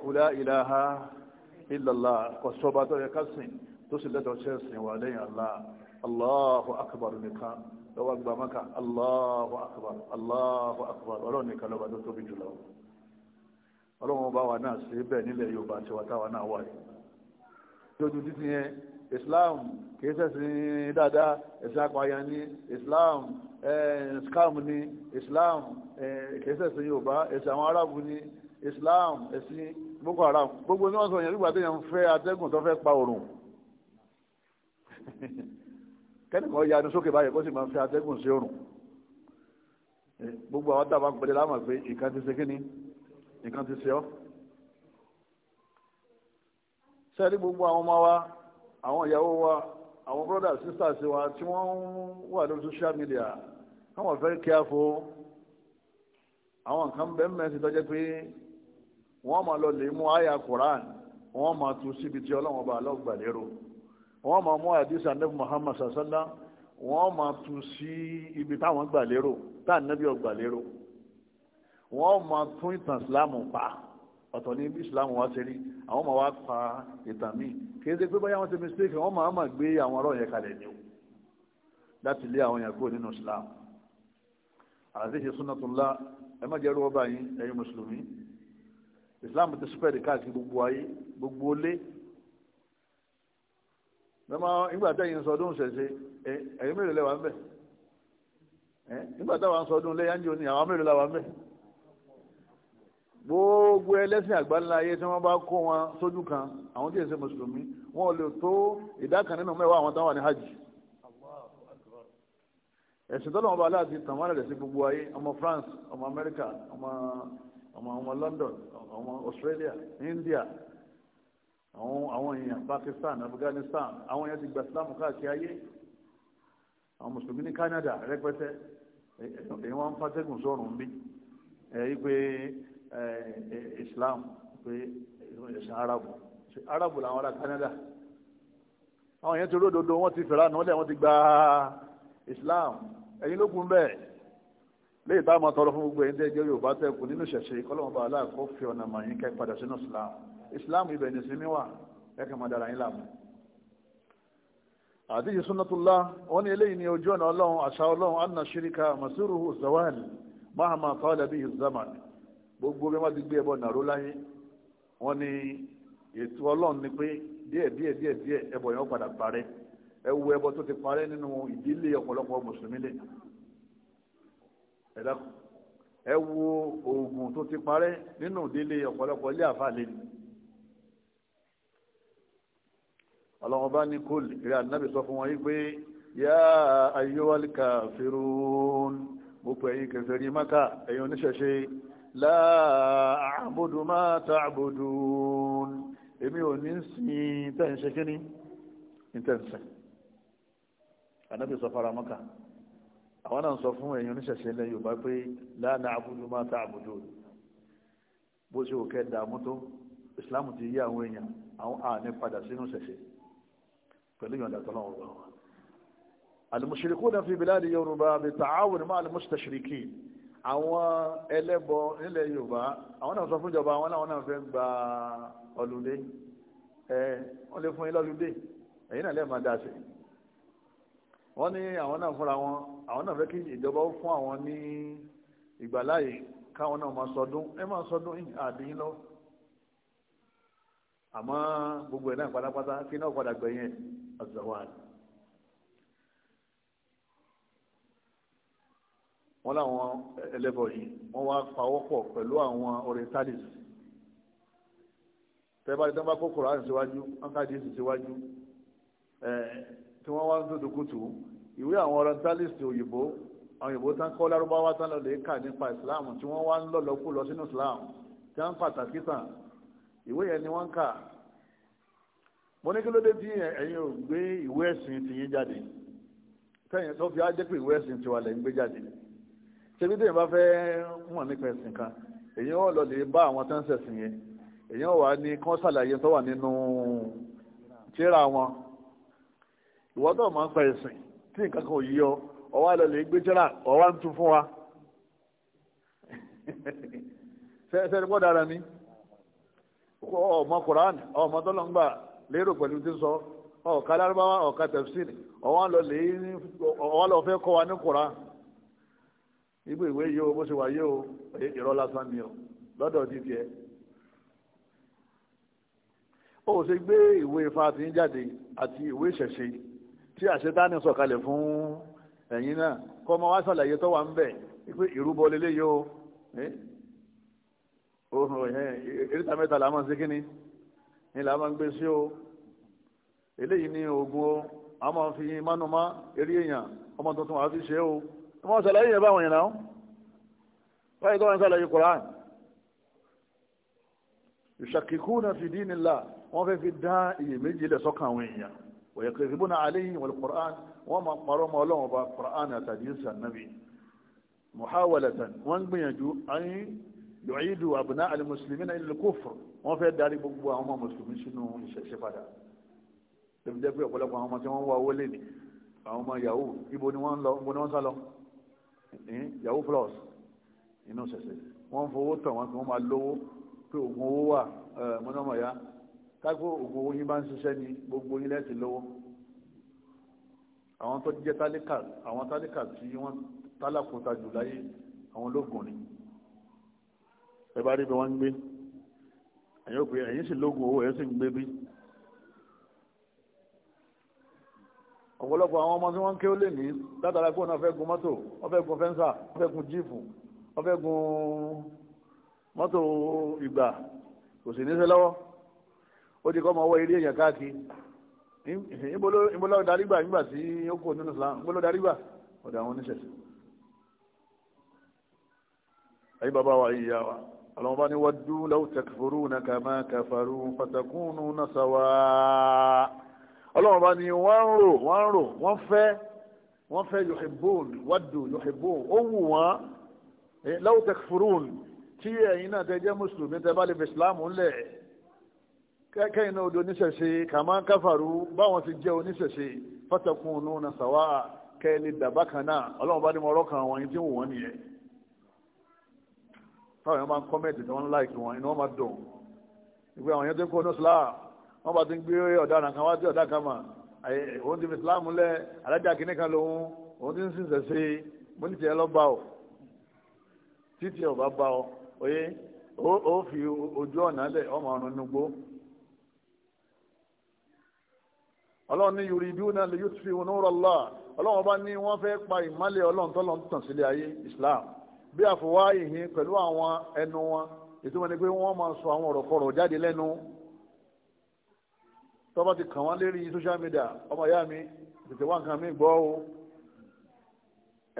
ìlàhà kọ̀sọ́ba tó yẹ tó sì wà lẹ́yìn akbar nìkan lọ́wọ́ gbàmọ́ka akbar akbar ọlọ́run nìkan tó tóbi jùlọ. ọlọ́run bá wa náà ṣe bẹ́ẹ̀ nílẹ̀ yorùbá tiwa táwa náà wà yìí lójú títí yẹn islam kìí ṣẹ̀sìn dáadáa ẹ̀sìn apààyàn ní islam scam ní islam kìí ṣẹ̀sìn yorùbá ẹ̀sìn àwọn arábù ní islam ẹ̀sìn boko haram gbogbo ní wọ́n sọ yẹn nígbà téèyàn ń fẹ́ atẹ́gùn tó fẹ́ pa òrùn kẹ́nìkan yanu sókè báyìí kó sì máa ń fẹ́ atẹ́gùn sí òrùn gbogbo àwọn dábàá pẹ̀lẹ́ láwọn pé ìkan nǹkan ti ṣe ọ́ sẹ́ẹ̀rí gbogbo àwọn ọmọ wa àwọn ìyàwó wa àwọn brọ́dà sisters wa tí wọ́n wà lórí social media káwọn fẹ́ kí á fo àwọn nǹkan bẹ́ẹ̀ mẹ́sì tọ́jẹ́ pé wọ́n máa lọ lè mú àyà Quran wọ́n máa tu síbi tí ọlọ́wọ́n bá lọ́gbà lérò wọ́n máa mú àdísà nẹ́bù Muhammad sàṣálá wọ́n máa tu sí ibi táwọn gbà lérò táà nẹ́bí ọgbà lérò wọ́n máa tún ìtàn ìsìláàmù pa ọ̀tọ̀ ní bí ìsìláàmù wá ṣe rí àwọn máa wá pa ìtàn míì kì í ṣe pé báyà wọ́n ṣe mistake wọ́n máa máa gbé àwọn ọ̀rọ̀ yẹn kalẹ̀ ni o láti lé àwọn yẹn kúrò nínú ìsìláàmù àti ṣe sunnatullah ẹ má jẹ́ rúwọ́ báyìí ẹ̀yin mùsùlùmí ìsìláàmù ti spread káàkiri gbogbo ayé gbogbo lé lọ́mọ ìgbà tẹ́yìn sọdún ṣẹ̀ṣẹ̀ ẹ̀yin mélòó lẹ́wà ń bẹ̀ nígbà táwọn sọdún lẹ́yìn àjò ni àwọn mélòó lẹ́wà ń bẹ̀ gbogbo ẹlẹ́sìn àgbáńlá ayé tí wọ́n bá kó wọn sójú kan àwọn tí èsè mùsùlùmí wọn ò lè tó ìdá kan nínú mẹ́wàá àwọn táwọn ní hajj ẹ̀sìn tọ́lọ́ wọn bá aláàtì tàn wọ́n sí gbogbo ayé ọmọ France ọmọ America ọmọ ọmọ London ọmọ Australia India àwọn àwọn èèyàn Pakistan Afghanistan àwọn èèyàn ti gba Islam káàkiri ayé àwọn mùsùlùmí ní Canada rẹpẹtẹ èèyàn wọn ń fàtẹ́gùn sọ̀rùn bí ẹ̀ yí pé Islam pé ẹ̀sìn arabu arabu làwọn ará Canada àwọn yẹn ti ródodo wọ́n ti fẹ̀rẹ̀ àná lẹ̀ wọ́n ti gba Islam ẹ̀yin ló kún bẹ́ẹ̀ léyìí tá a máa tọrọ fún gbogbo ẹ̀yin tẹ́ jẹ́ Yorùbá tẹ́ kù nínú ìṣẹ̀ṣe kọ́lọ́mọ bá aláàkó fi ọ̀nà mà yín kẹ́ padà sínú Islam Islam ibẹ̀ ní sinmi wà ẹ̀ kàn máa dára yín láàmú. àdíjì súnátúlá wọ́n ní eléyìí ní ojú ọ̀nà Ọlọ́run àṣà Ọlọ́run anna shirika masiruhu zawal mahama qala bihi zaman gbogbo bí wọ́n ti gbé ẹbọ nàró láyé wọ́n ní ètò ọlọ́run ni pé díẹ̀ díẹ̀ díẹ̀ díẹ̀ ẹbọ yẹn ó padà parẹ́ ẹ wo ẹbọ tó ti parẹ́ nínú ìdílé ọ̀pọ̀lọpọ̀ mùsùlùmí lẹ̀ ẹ̀dá ẹ wo oògùn tó ti parẹ́ nínú ìdílé ọ̀pọ̀lọpọ̀ ilé àfàlẹ́ ni ọlọ́run bá ní kóòlì rí ànábì sọ fún wọn yìí pé yá ayyuhal kafirun gbogbo ẹ̀yin kèfèrí Mákà ẹ̀yin oníṣẹ̀ṣe la a'budu ma ta'budun èmi ò ní sin tẹ́ǹṣẹ́ kí ni ìtẹ́ǹṣẹ́ anábì sọ fara mọ́ka àwọn náà sọ fún ẹ̀yin oníṣẹ̀ṣẹ̀ ilẹ̀ Yorùbá pé la na'budu ma ta'budun bó ṣe òkè dààmú tó Islam ti yí àwọn èèyàn àwọn àní padà sínú ṣẹ̀ṣẹ̀ pẹ̀lú ìyọ̀ǹda tọ́lọ́wọ́ wọn al-mushrikuna fi biladi Yorùbá bi ta'awun ma al àwọn ẹlẹ́bọ nílẹ̀ yorùbá àwọn náà sọ fún ìjọba àwọn náà wọn náà fẹ́ gba ọlùdé ẹ wọ́n lè fún yín lọ́lùdé ẹ̀yin náà lẹ́ẹ̀ máa dá sí wọ́n ní àwọn náà fúnra wọn àwọn náà fẹ́ kí ìjọba ó fún àwọn ní ìgbàláyè káwọn náà máa sọdún ẹ máa sọdún àdínyìn lọ àmọ́ gbogbo ẹ̀ náà pátápátá kí náà padà gbẹ̀yìn ẹ̀ ọ̀sẹ̀ wà wọn làwọn ẹlẹ́bọ yìí wọ́n wá pawọ́pọ̀ pẹ̀lú àwọn orientalis tẹ́bàdì tó ń bá kó koran síwájú ankadis síwájú tí wọ́n wá ń dúdú kùtù ìwé àwọn orientalis òyìnbó àwọn òyìnbó tán kọ́ lárúbáwá tán lọ lè kà nípa islam tí wọ́n wá ń lọ́lọ́kù lọ sínú islam tí wọ́n ń pàtàkì tàn ìwé yẹn ni wọ́n ń kà mo ní kí ló dé tí ẹ̀yin ò gbé ìwé ẹ̀sìn tiyín jáde tẹ́yìn tó fi á pé ìwé ẹ̀sìn tiwa lẹ́yìn gbé jáde ṣebí tí èèyàn bá fẹ́ mọ̀ nípa ẹ̀sìn kan èèyàn ò lọ lè bá àwọn tó ń ṣẹ̀sìn yẹn èèyàn wà ní kán ṣàlàyé tó wà nínú tíra wọn ìwọ́n tó máa ń fa ẹ̀sìn tí nǹkan kan ò yí ọ ọwọ́ àlọ́ lè gbé tíra ọwọ́ à ń tún fún wa sẹ́ni pọ́ dára ni ọmọ Quran ọmọ tó lọ́ngbà lérò pẹ̀lú tí sọ ọ̀ka lárúbáwá ọ̀ka tẹ̀síìnì ọwọ́ àlọ́ fẹ́ kọ́ wa ní Quran. Ibu ìwé yìí o bó ṣe wà yìí o irọ́ lásán ni o lọ́dọ̀ ti tiẹ̀ ó ṣe gbé ìwé fatin jáde àti ìwé ìṣẹ̀ṣe tí àṣetánì sọ̀kalẹ̀ fún ẹ̀yin náà kọ́ ọmọ wa ṣàlàyé tó wà ń bẹ̀ pé ìrúbọ lélẹ́ yìí o eréta mẹ́ta làá ṣe kíni ni làá gbé sí o eléyìí ni oògùn o a máa fi mánú má eré èèyàn ọmọ tuntun àá fi ṣe o wọ́n sàlàyé yẹn báwọn yẹn náà báyìí kọ́ wọn sàlàyé Qur'an yushakikuna fi dinillah wọ́n fẹ́ fi dá iyèméjì lẹ̀ sọ́kàn àwọn èèyàn òye kìrìbùnà àléyìn wal Qur'an wọ́n máa parọ́ mọ́ ọlọ́run bá Qur'an àtàdínsà nàbì muhawalatan wọ́n gbìyànjú ayé yọ̀ọ́yìdù àbùnà àlùmùsùlùmí náà ilẹ̀ kófò wọ́n fẹ́ darí gbogbo àwọn ọmọ mùsùlùmí sínú ìṣẹ̀ṣẹ̀ padà tẹ̀mídẹ́gbẹ́ ọ̀pọ̀lọpọ̀ àwọn ọmọ tí wọ́n wá wọlé ni àwọn ọmọ yahoo ibo ni wọ́n sá lọ yahoo plus inú ṣẹ̀ṣẹ̀ wọ́n ń fowó tàn wọ́n kí wọ́n máa lówó pé oògùn owó wà mọ́nàmọ́ ya kágbó oògùn owó yín bá ń ṣiṣẹ́ ní gbogbo yín lẹ́sì lówó àwọn tó jẹ́ tálíkà àwọn tálíkà tí wọ́n tálàkùnta jù láyé àwọn lóògùn ni ẹ bá rí bí wọ́n ń gbé ẹ̀yìn sì lóògùn owó ẹ̀ sì ń gbé bí ọ̀pọ̀lọpọ̀ àwọn ọmọ tí wọ́n ń ké ó lè ní látara pé wọ́n fẹ́ gun mọ́tò wọ́n gun fẹ́ńsà wọ́n gun jíìpù wọ́n gun mọ́tò ìgbà kò sì níṣẹ́ lọ́wọ́ ó ti kọ́ ọmọ ọwọ́ eré èèyàn káàkiri ìbólọ́ darí gbà nígbà tí ó kò nínú Islam ìbólọ́ darí gbà ọ̀dọ̀ àwọn oníṣẹ̀ṣẹ̀ ayi bàbá wa yìí yá wa ọlọ́mọba ni wọ́n dún law takfuruna kama kafaru fatakunu nasawa ọlọ́run bá ní wọ́n ń rò wọ́n ń rò wọ́n fẹ́ wọ́n fẹ́ yuhibbun waddu yuhibbun ó wù wọ́n law takfurun tí ẹ̀yin náà tẹ́ jẹ́ mùsùlùmí tẹ́ bá lè fi islam ńlẹ̀ kẹ́kẹ́yìn náà odò oníṣẹ̀ṣe kàmá káfàrú báwọn ti jẹ́ oníṣẹ̀ṣe fatakununa sawa'a kẹ́lẹ́ dàbá kan náà ọlọ́run bá ní mọ ọlọ́kan àwọn ẹni tí wọ́n nìyẹn táwọn èèyàn máa ń kọ́mẹ̀tì tí wọ́n ń láìkì wọn inú wọn máa dùn ìgbé àwọn èèyàn tó ń kó ní islam wọ́n bá ti ń gbé ọ̀daràn kan wá sí ọ̀dà kan mà òun ti fi islam lẹ̀ alájà kìíní kan lòun òun ti ń sìn sẹ̀sẹ̀ mo ní tiẹ̀ lọ bá ọ títí ọba bá ọ oyé ó fi ojú ọ̀nà ọmọ ọ̀run nugbó ọlọ́run ní ọlọ́run pa ọlọ́run tọ́lọ́ ń tàn Islam bí ìhìn pẹ̀lú àwọn ẹnu wọn ni pé wọ́n máa sọ àwọn ọ̀rọ̀ tọ́ba ti kàn wọ́n lérí social media ọmọ ìyá mi tètè wá nǹkan mi gbọ́ o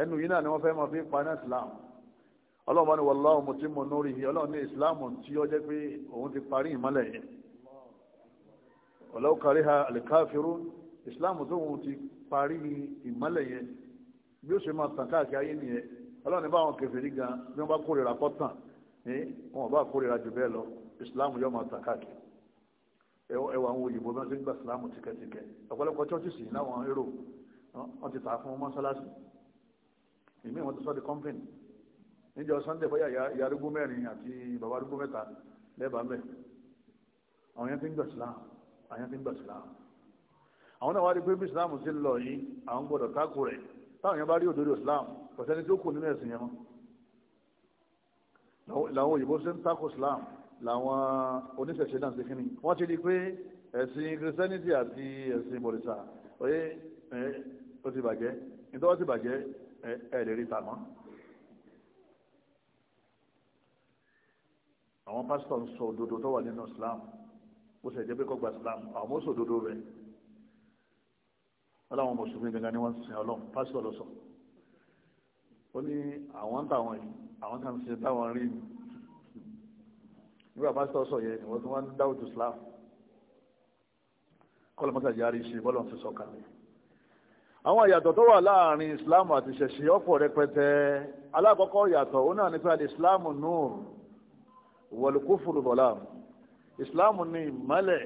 ẹnu yìí náà ni wọ́n fẹ́ máa fi paná islam ọlọ́run bá ní wallahu mutimmu nurihi ọlọ́run ní islam tí ó jẹ́ pé òun ti parí ìmọ́lẹ̀ yẹn walau kariha al-kafirun islam tó òun ti parí ìmọ́lẹ̀ yẹn bí ó ṣe máa tàn káàkiri ayé nìyẹn ọlọ́run ní báwọn kèfèrí gan bí wọ́n bá kórìíra kọ́ ní eh, wọn bá kórìíra jù bẹ́ẹ̀ lọ islam yóò máa tàn káàkiri ẹwà àwọn òyìnbó bí wọ́n ti ń gba ìsìlámù tìkẹ́tìkẹ́ ọ̀pọ̀lọpọ̀ chọ́ọ̀tì sì láwọn èrò wọ́n ti tà fún mọ́sálásì ìmí wọn ti sọ́ di kọ́mpìn níjọ sunday bóyá ìyá arúgbó mẹ́rin àti bàbá arúgbó mẹ́ta lẹ́bàá mẹ́ àwọn yẹn ti ń gba ìsìlámù àwọn yẹn ti ń gba ìsìlámù àwọn náà wá rí pé bí ìsìlámù ti lọ yìí àwọn gbọ́dọ̀ tákù rẹ̀ táwọn yẹn bá rí òdodo ìsìlámù kò sẹ́ni tó kù nínú ẹ̀sìn yẹn mọ́ làwọn òyìnbó làwọn oníṣẹ̀ṣẹ̀ náà ṣe kí ni wọ́n ti di pé ẹ̀sìn christianity àti ẹ̀sìn bọ̀rìṣà oyè ó ti bàjẹ́ nítorí ó ti bàjẹ́ ẹ̀ lè rí ta mọ́. àwọn pásítọ̀ ń sọ òdodo tó wà nínú islam ó sì jẹ́ pé kọ́gbà islam àwọn ó sọ òdodo rẹ̀ wọ́n láwọn mùsùlùmí gangan ni wọ́n ń sin ọlọ́run pásítọ̀ lọ sọ ó ní àwọn táwọn yìí àwọn kan ń sin táwọn rí mi nígbà bá sọ sọ yẹn ìwọ́n tó wá ń dá òjò Islam kọ́lọ̀ mọ́tà yàrá ìṣe bọ́lọ̀ ti sọ kalẹ̀ àwọn ìyàtọ̀ tó wà láàrin Islam àti ṣẹ̀ṣì ọ̀pọ̀ rẹpẹtẹ alákọ̀ọ́kọ́ ìyàtọ̀ ó náà nípa Islam nur wọlùkúfùrù bọ̀làm Islam ní ìmọ́lẹ̀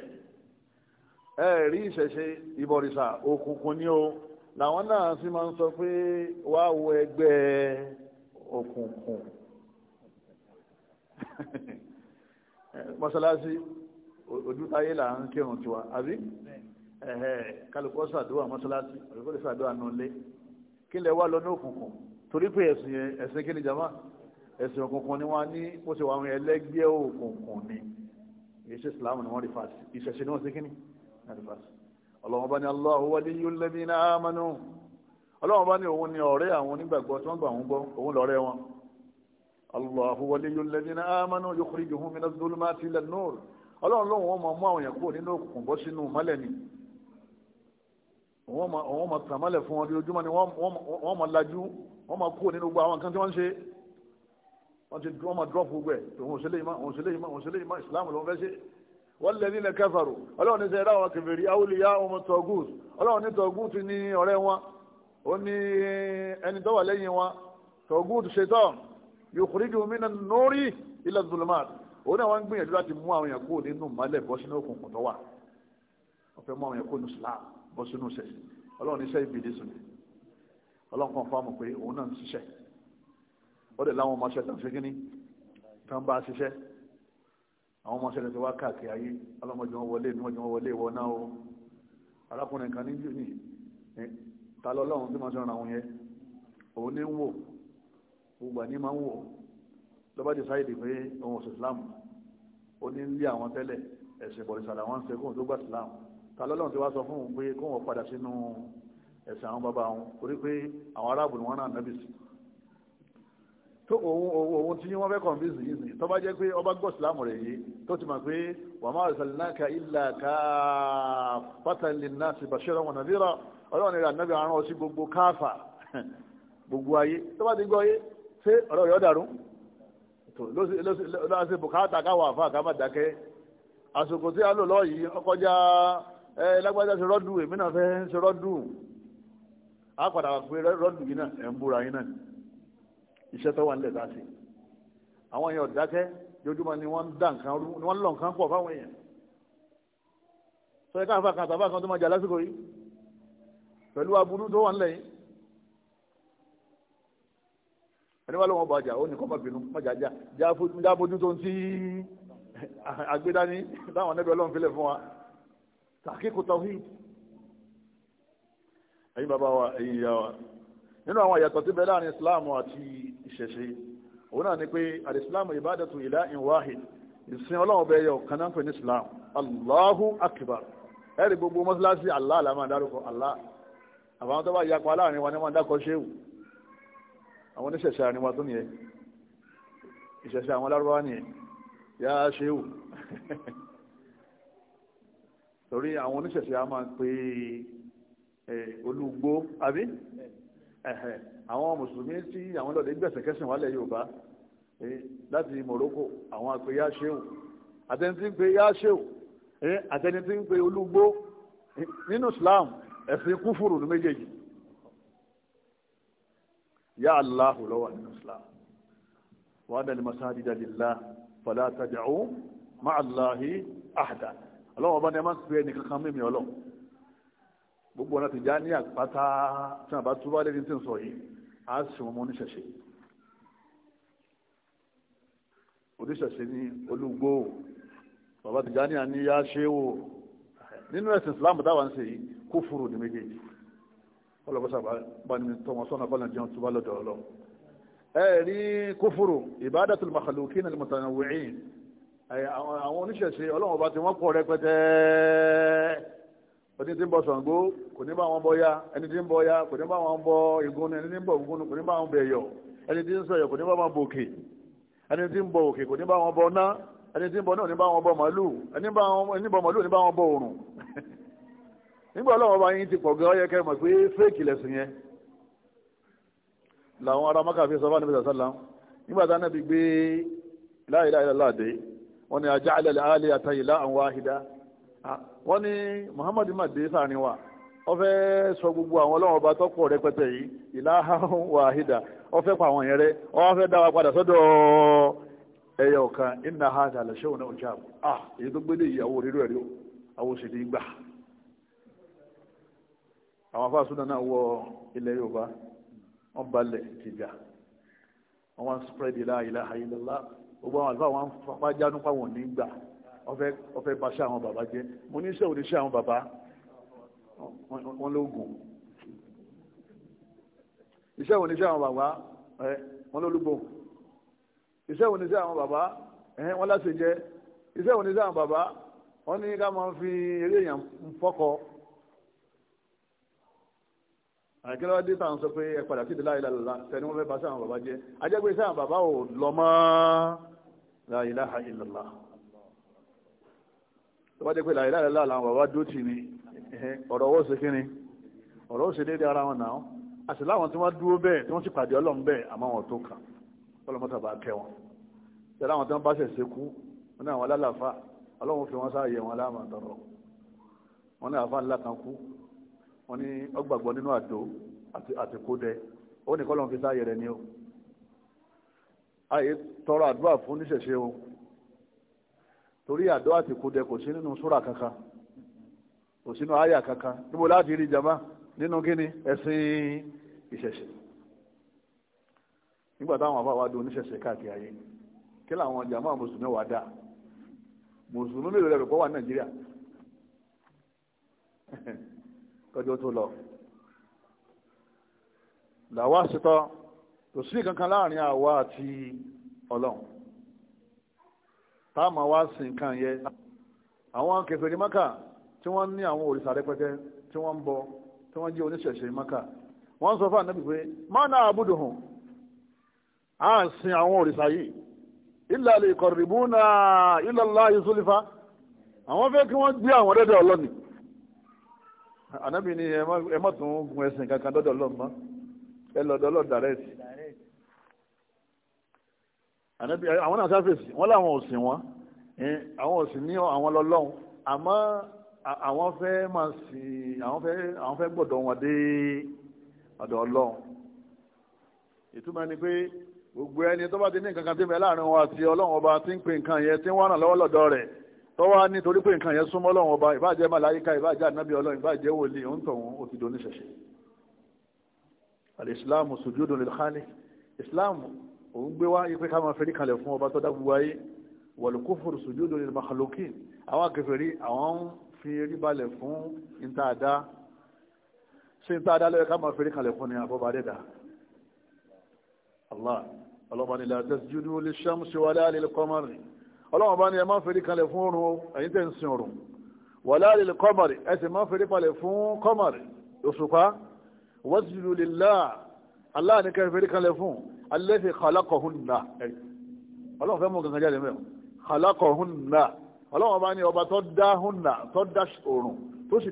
ẹ̀rí ìṣẹ̀ṣe ìbọ̀rìṣà òkùnkùn ni ó làwọn náà sì máa ń sọ pé wá wo ẹgbẹ́ òkùnkùn mọ́sálásí ojútáyé là ń kírun tiwa àbí kálukọ́ sàdúrà mọ́sálásí olùkọ́ sàdúrà nulẹ̀ kí lẹ wá lọ ní òkùnkùn torí pé ẹ̀sìn ẹ̀sìn kí ni jama ẹ̀sìn òkùnkùn ni wọ́n ní bó ṣe wà wọn ẹlẹ́gbẹ́ òkùnkùn ni iṣẹ́ ìsìláàmù ni wọ́n rí fàṣì ìṣẹ̀ṣẹ̀ ni wọ́n ṣe kí ni wọ́n rí fàṣì ọlọ́wọ́n bá ní Allahu waliyyul ladina amanu ọlọ́wọ́n bá ní òun ni ọ̀rẹ́ àwọn onígbàgbọ́ tí wọ́n gbà wọ́n gbọ́ òun lọ́rẹ́ wọn Allahu waliyul ladina amanu yukhrijuhum minaz zulumati ilan nur ọlọ́run lóun wọn máa mú àwọn yẹn kúrò nínú òkùnkùn bọ́ sínú mọ́lẹ̀ ni wọ́n máa tàn mọ́lẹ̀ fún wọn lójoojúmọ́ ni wọ́n máa lajú wọ́n máa kúrò nínú gbogbo àwọn nǹkan tí wọ́n ń ṣe wọ́n ti wọ́n máa dúró fún gbẹ̀ òun òṣèlè yìí má òun òṣèlè yìí má òun òṣèlè yìí má ìsìlámù ló ń fẹ́ ṣe wọ́n lè nílẹ̀ kẹfàrò ọlọ́run ní sẹ́yìn láwọn kẹfẹ́rí awúlíyá ọmọ tọ́gùt ọlọ́run ní tọ́gùt ní ọ̀rẹ́ wọn ó ní ẹni tó wà lẹ́yìn wọn tọ́gùt ṣetán yukhrijuhum minan nuri ila zulumat òun náà wọ́n ń gbìyànjú láti mú àwọn èèyàn kó nínú mọ́lẹ̀ bọ́ sínú òkùnkùn tó wà wọ́n fẹ́ mú àwọn èèyàn kó nínú islam bọ́ sínú sẹ́sì ọlọ́run iṣẹ́ ìbílẹ̀ sùn ọlọ́run kan fáwọn pé òun náà ń ṣiṣẹ́ ó dẹ̀ láwọn ọmọọṣẹ́ tó ń ṣe kíní tó ń bá ṣiṣẹ́ àwọn ọmọọṣẹ́ tó ti wá káàkiri ayé ọlọ́mọdé wọn wọlé inú gbogbo àní máa ń wọ̀ lọ́ba ti sáyé di pé òun ọ̀sẹ̀ islam ó ní lé àwọn tẹ́lẹ̀ ẹ̀sìn bọ̀rìṣà làwọn ń ṣe kóun tó gbà islam ta lọ́lọ́run ti wá sọ fún òun pé kóun padà sínú ẹ̀sìn àwọn bàbá wọn torí pé àwọn aráàbù ni wọ́n náà nábì sí tó òun òun tí wọ́n fẹ́ kọ̀ǹbíìsì yìí sí tó jẹ́ pé ọba gbọ́ islam rẹ̀ yìí tó ti mọ̀ pé wàá máa rẹ̀sàlẹ̀ náà ka ilà ká pátánlì náà sì bàṣẹ́rọ̀ wọn nàbírà ọlọ́run rẹ̀ ànábì àrùn ọ̀sìn gbogbo káfà ṣé ọ̀rọ̀ yọ̀ dàrú tó lọ́sẹ̀ bùkátà káwọn àfa àkàmà dákẹ́ àsìkò tí a lò lọ́ yìí ọkọjá ẹ lágbájá ṣe rọ́dù èmi náà fẹ́ ṣe rọ́dù á padà pé rọ́dù yìí náà ẹ̀ ń búra yìí náà iṣẹ́ tó wà nílẹ̀ tá a ṣe àwọn èèyàn dákẹ́ lójúmọ́ ni wọ́n ń dá nǹkan rú ni wọ́n ń lọ nǹkan pọ̀ fáwọn èèyàn sọ yẹ káfà kan kan tó máa jà lásìkò yìí pẹ̀lú aburú tó wà nílẹ̀ yìí ẹni wá lọ́wọ́ bàjá ó ní kọ́ mọ̀bìnú mọ̀jájá jáfojú tó ń tí agbédání láwọn ẹbí ọlọ́run fílẹ̀ fún wa tàkíkù tawhid ẹ̀yin bàbá wa ẹ̀yin ìyá wa nínú àwọn àyàtọ̀ tí bẹ láàrin islam àti ìṣẹ̀ṣe òun náà ni pé al-islam ibadatu ilahin wahid ìsìn ọlọ́run bẹ yọ kan náà pè ní islam allahu akbar ẹ̀rí gbogbo mọ́sálásí allah làmà dárúkọ allah àbáwọn tó bá yapa láàrin wa ni wọ́n dákọ̀ ṣéwù àwọn oníṣẹ̀ṣẹ̀ àríwá tó nìyẹn ìṣẹ̀ṣẹ̀ àwọn alárúbáwá nìyẹn yá ṣéwù torí àwọn oníṣẹ̀ṣẹ̀ a máa pe olùgbò àbí àwọn mùsùlùmí tí àwọn lọ́dẹ gbẹ̀sẹ̀kẹsẹ̀ wálẹ̀ Yorùbá láti Morocco àwọn àpè yá ṣéwù àtẹni tí ń pe yá ṣéwù àtẹni tí ń pe olùgbò nínú Islam ẹ̀sìn kúfùrù ní méjèèjì ya aláhù lọ́wọ́ nínú islam wàdà lè masáàdì dàdìlá fàlá tàjáwó má aláhì àdá ọlọ́wọ́ bá ní a máa ń pè é nìkan kan mímí ọlọ́ gbogbo ọ̀nà tìjà ní àpáta tí a bá túbá lẹ́ni tí ń sọ yìí a sì wọn mọ oníṣẹ̀ṣe oníṣẹ̀ṣe ní olúgbó bàbá tìjà ní àníyá ṣéwò nínú ẹ̀sìn islam táwa ń ṣe yìí kúfùrù ní méjèèjì ọlọ́gbọ́sà bá ní tọmọ sọ́nà bọ́lá jẹun tó bá lọ́dọ̀ ọlọ́ ẹ̀rí kófòrò ìbádàtul makhluqin al-mutanawwi'in àwọn oníṣẹ̀ṣe ọlọ́wọ́n bá ti wọ́n pọ̀ rẹpẹtẹ ẹni tí ń bọ Ṣàngó kò ní bá wọn bọ ya ẹni tí ń bọ ya kò ní bá wọn bọ Ògún ẹni tí ń bọ Ògún kò ní bá wọn bọ Ẹ̀yọ̀ ẹni tí nígbà ọlọ́run ọba yín ti pọ̀ gan ọyẹ kẹrin mọ̀ pé fẹ́ẹ̀kì lẹ̀sìn yẹn làwọn ará mọ́kà fi sọ fún àníbi sàṣàlá nígbà tá nàbí gbé la ilaha illallah dé wọ́n ní ajá alẹ́ alẹ́ àtàyèlá àwọn wáhídá wọ́n ni Muhammad madi sáàrin wa fẹ́ sọ gbogbo àwọn rẹpẹtẹ yìí fẹ́ pa àwọn yẹn rẹ fẹ́ dá wa padà sọ́dọ̀ ẹ̀yọ̀ kan ìnáhà àtàlẹ́ṣẹ́ òun náà jà àwọn afáà súnà náà wọ ilẹ̀ yorùbá wọ́n balẹ̀ ìtìjà wọ́n wá ń spread la ilaha illallah gbogbo àwọn àlùfáà wọn fapá jánu páwọn ní gbà ọfẹ́ baṣẹ́ àwọn bàbá jẹ́ mo ní iṣẹ́ òdíṣẹ́ àwọn bàbá wọ́n lóògùn iṣẹ́ òdíṣẹ́ àwọn bàbá wọ́n lólúgbò iṣẹ́ òdíṣẹ́ àwọn bàbá wọ́n láṣẹ jẹ́ iṣẹ́ òdíṣẹ́ àwọn bàbá wọ́n ní ká máa fi eré èèyàn fọ́kọ̀ọ́ àkílọ́ dé tàn sọ pé ẹ padà sí ìdílá ìlàlá tẹni wọ́n fẹ́ bá sáwọn bàbá jẹ́ ajẹ́ pé sáwọn bàbá ò lọ mọ́ láìlá ìlàlá tó bá jẹ́ pé láìlá ìlàlá làwọn bàbá dó tì ní ọ̀rọ̀ owó ṣe kíni ọ̀rọ̀ ó ṣe déédéé ara wọn náà a sì láwọn tí wọ́n dúró bẹ́ẹ̀ tí wọ́n sì pàdé ọlọ́run bẹ́ẹ̀ àmọ́ wọn tó kàn ọlọ́mọta bá kẹ́ wọn tẹ láwọn tí wọ́n bá ṣẹ̀ṣẹ̀ kú wọn náà wọn lálàáfà ọlọ́run fi wọn sáàyè wọn láàmà dọ̀rọ̀ wọn náà àfa ńlá kan kú wọ́n ní ọgbàgbọ́ nínú àdó àti kódẹ ó ní kọ́lọ́n fi sáàyè rẹ̀ ni ó àyè tọrọ àdúrà fún níṣẹ̀ṣe o torí àdó àti kódẹ kò sí nínú súrà kankan kò sínú àyà kankan níbo láti rí jama nínú kíni ẹ̀sìn ìṣẹ̀ṣe nígbà táwọn àbáwá do oníṣẹ̀ṣe káàkiri ayé kí làwọn jama mùsùlùmí wà dáa mùsùlùmí lè rẹ̀ pọ̀ wà Nàìjíríà kọjọ tó lọ lawa ṣetọ́ to sí kankan láàrin àwa àti ta ma wá sí nǹkan yẹ àwọn kèfèrí maka tí wọ́n ní àwọn òrìṣà rẹpẹtẹ tí wọ́n ń bọ tí wọ́n jẹ́ oníṣẹ̀ṣe maka wọ́n sọ fún ànábì pé má náà àbúdò hàn á sin àwọn òrìṣà yìí illa li qarribuna ila Allah yusulifa àwọn fẹ́ kí wọ́n gbé àwọn rẹ́dẹ̀ ànábì ni ẹ má tún gun ẹsìn kankan dọ́dọ̀ lọ mọ́ ẹ lọ́dọ̀ lọ dàrẹ́tì ànábì àwọn náà sáfèsì wọ́n láwọn òsìn wọn àwọn òsìn ní àwọn lọ́lọ́hún àmọ́ àwọn fẹ́ máa sìn àwọn fẹ́ àwọn fẹ́ gbọ́dọ̀ wọn dé ọ̀dọ̀ ọlọ́hún ìtumọ̀ ni pé gbogbo ẹni tó bá ti ní nǹkan kan tí ń bẹ láàrin wọn àti ọlọ́hún ọba tí ń pè nǹkan yẹn tí ń wá lọ́wọ́ lọ́dọ̀ rẹ̀ tọ́wọ́ nítorí pé nǹkan yẹn súnmọ́ Ọlọ́run ọba ìbáàjẹ́ màláyíká ìbáàjẹ́ ànábì Ọlọ́run ìbáàjẹ́ wòlíì òun tọ̀hún ó ti dòní ṣẹ̀ṣẹ̀ alìsíláàmù sùjúdù lìlhálì ìsìláàmù òun gbé wá ipé ká máa fẹ́rí kalẹ̀ fún ọba tó gbogbo ayé wọ̀lùkúfùrù sùjúdù lìlmàkàlókì àwọn akẹfẹ̀rí àwọn ń fi rí balẹ̀ fún ìtaàdá ṣe ìtaàdá lọ́yẹ ká máa fẹ́rí kalẹ̀ fún ni àbọ̀bà dẹ́dà Allah ọlọ́mọdé la tasjudu lishamsi wala lilqamari ọlọ́run bá ní ẹ má fèrè kalẹ̀ fún oòrùn ẹ̀yin tẹ̀ ń sin oòrùn wà láàrin lè kọ́mọ̀rì ẹ sì má fèrè palẹ̀ fún kọ́mọ̀rì òṣùpá wasjudu lillah Allah ní kẹ́ fèrè kalẹ̀ fún allazi khalaqahunna ọlọ́run fẹ́ mú gangan jáde mẹ́rin khalaqahunna ọlọ́run bá ní ọba tó dá hunna tó dá oòrùn tó sì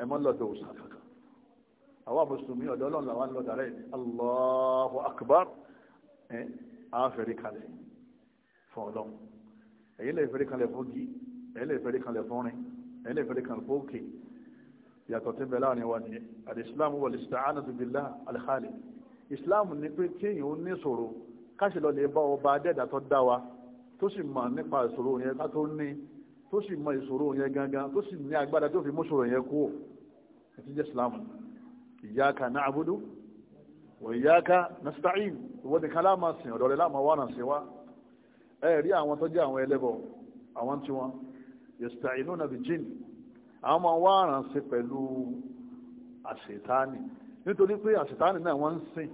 ẹ̀mọ́ lọ́dọ̀ òṣàkàk àwọn mùsùlùmí ọ̀dọ́ ọlọ́run làwọn lọ dàrẹ́ Allahu akbar ẹ àwọn fẹ̀rí kalẹ̀ fún ọlọ́run èyí lè fẹ̀rí kalẹ̀ fún gi èyí lè fẹ̀rí kalẹ̀ fún rin èyí lè fẹ̀rí kalẹ̀ fún òkè yàtọ̀ tí bẹ̀rẹ̀ àwọn ìwà nìyẹn alìsílámù wà lìsìtàánù billah alìkálẹ̀ ìsìlámù ní pé kéèyàn ó ní ṣòro káṣí lọ lè bá ọba adẹ́dà tó dá wa tó sì mọ̀ nípa ìṣòro yẹn ká tó ní tó sì mọ̀ ìṣòro yẹn gangan tó sì ní agbára tó fi mú ṣòro yẹn kúrò ẹ̀tí jẹ́ ìsìlámù ni Iyaka na abudu? Wai iyaka na sta'i, wani kalama sin odori lama waran se wa, e riri awon toji awon elebo awanciwa. Yasta inu na beijing, an wan waran se pelu a setani, nito nito ya na awon sin.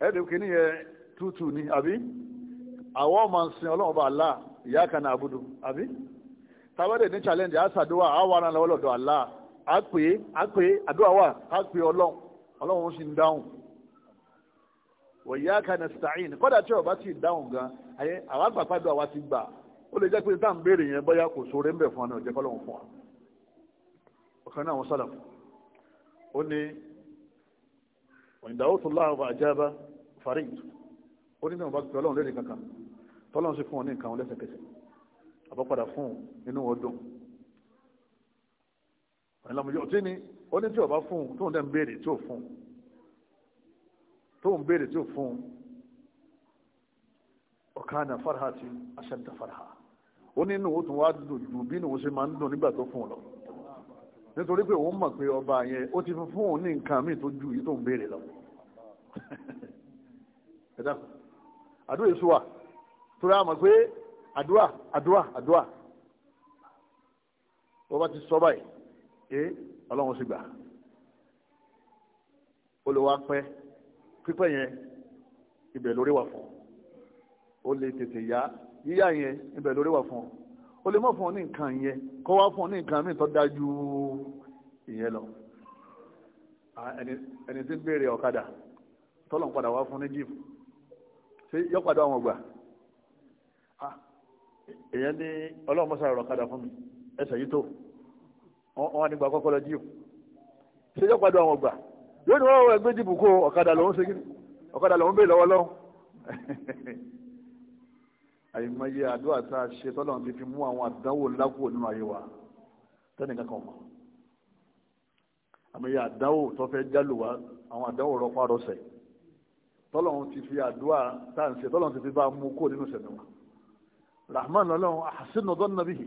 E rikini ya tutu ni abi, awon ma sin olam oba Allah iyaka na abudu abi, tabi da idin challenge ya saduwa awon lawol á pè é á pè é àdúrà wà á pè ọlọ́run ọlọ́run ó sì ń dáhùn wọ̀nyí aka nasta'in kọ́dà tí ọba ti dáhùn gan ayé àwọn àgbàpàdé àwa ti gbà ó lè jẹ́ pé tá à ń béèrè yẹn bóyá kò sóore ń bẹ̀ fún ọ náà jẹ́ kọ́lọ́run fún wa ọ̀kan náà wọ́n sọ̀rọ̀ ó ní ìdáwó tó láàrùn àjábá farid ó ní ìdáwó bá pẹ̀lú ọlọ́run lẹ́nìí kankan tọ́lọ́run sì fún ọ ní nǹkan lẹ́sẹ̀kẹsẹ̀ àbọ̀padà fún inú ọdún ìlànà ọtí ni ó ní tí ọba fún un tóun dẹ̀ ń béèrè tí ò fún un tóun béèrè tí ò fún un ọ̀kánà faraha ti aṣẹ́ǹtà faraha ó ní inú òtún wá dùn ju bí inú òun ṣe máa ń dùn nígbà tó fún un lọ nítorí pé òun mọ̀ pé ọba yẹn ó ti fún òun ní nǹkan míì tó ju èyí tóun béèrè lọ ẹ̀dá àdúrà èso wa torí àmọ̀ pé àdúrà àdúrà àdúrà wọ́n ti sọ báyìí. ee ọlọ́run sì gbà olùwà pẹ́ pípẹ́ yẹn ibẹ̀ lórí wà fún ó lè tètè yá yíyá yẹn ibẹ̀ lórí wà fún ó lè mọ̀ fún ọ ní nǹkan yẹn kọ́ wá fún ọ ní nǹkan mìíràn tó dájú ìyẹn lọ ẹni tí ń béèrè ọ̀kadà tọ́lọ̀ ń padà wá fún ní jíìpù ṣé yọ́padà àwọn ọgbà èèyàn ní ọlọ́run fún mi ẹsẹ̀ wọn nígbà kọ́kọ́ lọ jí o ṣe yọ padà àwọn ọgbà yóò ní wọn wọ ẹgbẹ́ dìbò kó ọ̀kadà lòún ṣe kíni ọ̀kadà lòún bè lọ́wọ́ lọ́wọ́ àyìnbáyé àdúrà tá a ṣe tọ́lọ́run ti fi mú àwọn àdánwò ńlá kúrò nínú ayé wa tẹ́nìkan kan mọ̀ àmì àdánwò tó fẹ́ jálò wa àwọn àdánwò rọpárọsẹ̀ tọ́lọ́run ti fi àdúrà tá à ń ṣe tọ́lọ́run ti fi bá a mú kúrò nínú ìṣẹ̀lẹ̀ wa rahman ọlọ́run àṣìnà dọ́nà bíi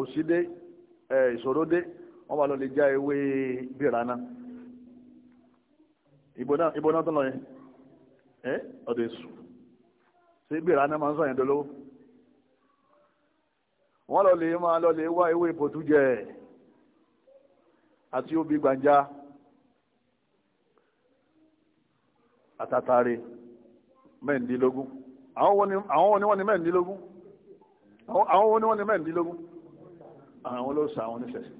òsídé ìṣòrodé wọ́n bá lọ lè já ewé bírana ìbò náà tó lọ yẹn ẹ ọ̀dọ̀ ọ ṣé bírana máa ń sọ yẹn dolówó wọn lọ lè máa lọ lè wá ewé pòtújẹ àti obì gbàǹjà àtàtàrí mẹ́rìndínlógún àwọn wọn ni ni àwọn owó ní wọ́n ní mẹ́rìndínlógún àwọn olóòsà àwọn oníṣẹ̀ṣẹ̀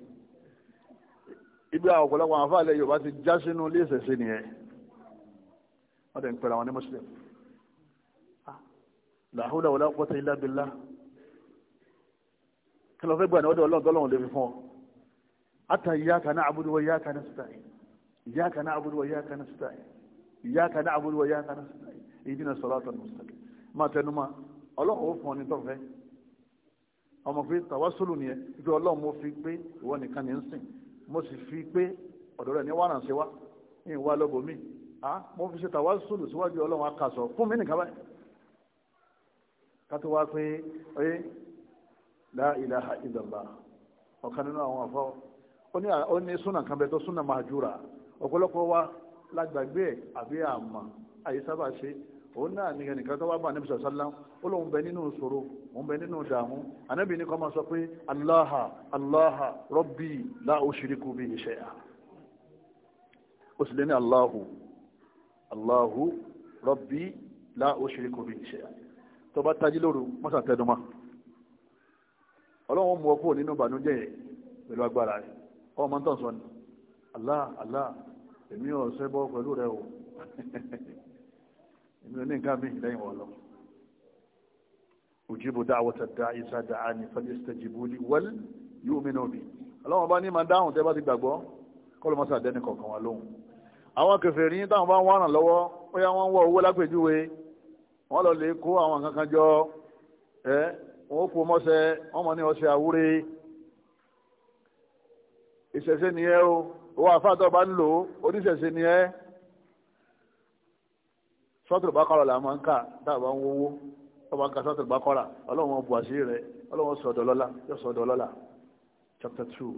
ibi àwọn ọ̀pọ̀lọpọ̀ àwọn afáàlẹ̀ Yorùbá ti já sínú ilé ìṣẹ̀ṣẹ̀ nìyẹn wọ́n dẹ̀ ń pẹ̀lú àwọn ní Muslim làhúdà wọlé ọpọtẹ ilá bílá kí lọ fẹ́ gbà ní ọdọ̀ Ọlọ́run tọ́lọ́run lè fi fún ọ ata iyyaka na'budu wa iyyaka nasta'in iyyaka na'budu wa iyyaka nasta'in iyyaka na'budu wa iyyaka nasta'in ihdina siratal mustaqim máa tẹnu máa Ọlọ́run ó fún ọ ọmọ fi tàwásùlù nìyẹn ibi ọlọ́run mo fi pé ìwọ nìkan ní ń sìn mo sì fi pé ọ̀dọ̀ rẹ̀ ní wàrà ṣe wá ní ìwà lọ́bọ̀ mi mo fi ṣe tàwásùlù síwájú ọlọ́run akásọ̀ fún mi nìkan báyìí kátó wá pé ọyẹ la ilaha illallah ọ̀kan nínú àwọn àfọ ó ní súnà kan bẹ tó súnà máa jura ọ̀pọ̀lọpọ̀ wa lágbàgbé àbí àmà àyíṣábà ṣe o náà ní ẹnìkan tó wá bá ànábì sàlám ó lóun bẹ nínú ìṣòro òun bẹ nínú ìdààmú ànábì ní kó máa sọ pé aláha aláha rọ́bì la bí iṣẹ́ à ó sì lé ní aláhu rọ́bì la bí iṣẹ́ à tó bá tají lóru mọ́sà tẹnumọ́ ọlọ́run mú ọkọ̀ nínú ìbànújẹ́ pẹ̀lú agbára rẹ̀ ọmọ tó sọ ni aláha aláha èmi ò pẹ̀lú o èmi ò ní nǹkan mi دعوة الداعي إذا دعاني dáwọ́tà لي isa بي. الله ní من دعوة ní wẹ́l كل mí náà bì ọlọ́wọ́n bá ní máa dáhùn tẹ́ bá ti gbàgbọ́ kọ́lọ́ mọ́sá dẹ́ni kọ̀ọ̀kan wa lóhùn àwọn kèfèrí táwọn bá ń wá ràn lọ́wọ́ ó yá wọ́n ń wọ owó lápèjúwe wọ́n lọ lè kó àwọn nǹkan jọ ẹ wọ́n kó mọ́sẹ̀ wọ́n mọ̀ ní ọṣẹ àwúre ìṣẹ̀ṣe nìyẹn o owó àfáàtọ̀ bá ń lò ó oníṣẹ̀ṣe nìyẹn sọ́tùrù bá kọ́ra là máa ń kà tá a bá ń wówó tó bá ń ka sọ́tùrù bá kọ́ra ọlọ́run àṣírí rẹ ọlọ́run sọ̀dọ̀ lọ́la yóò sọ̀dọ̀ lọ́la chapter two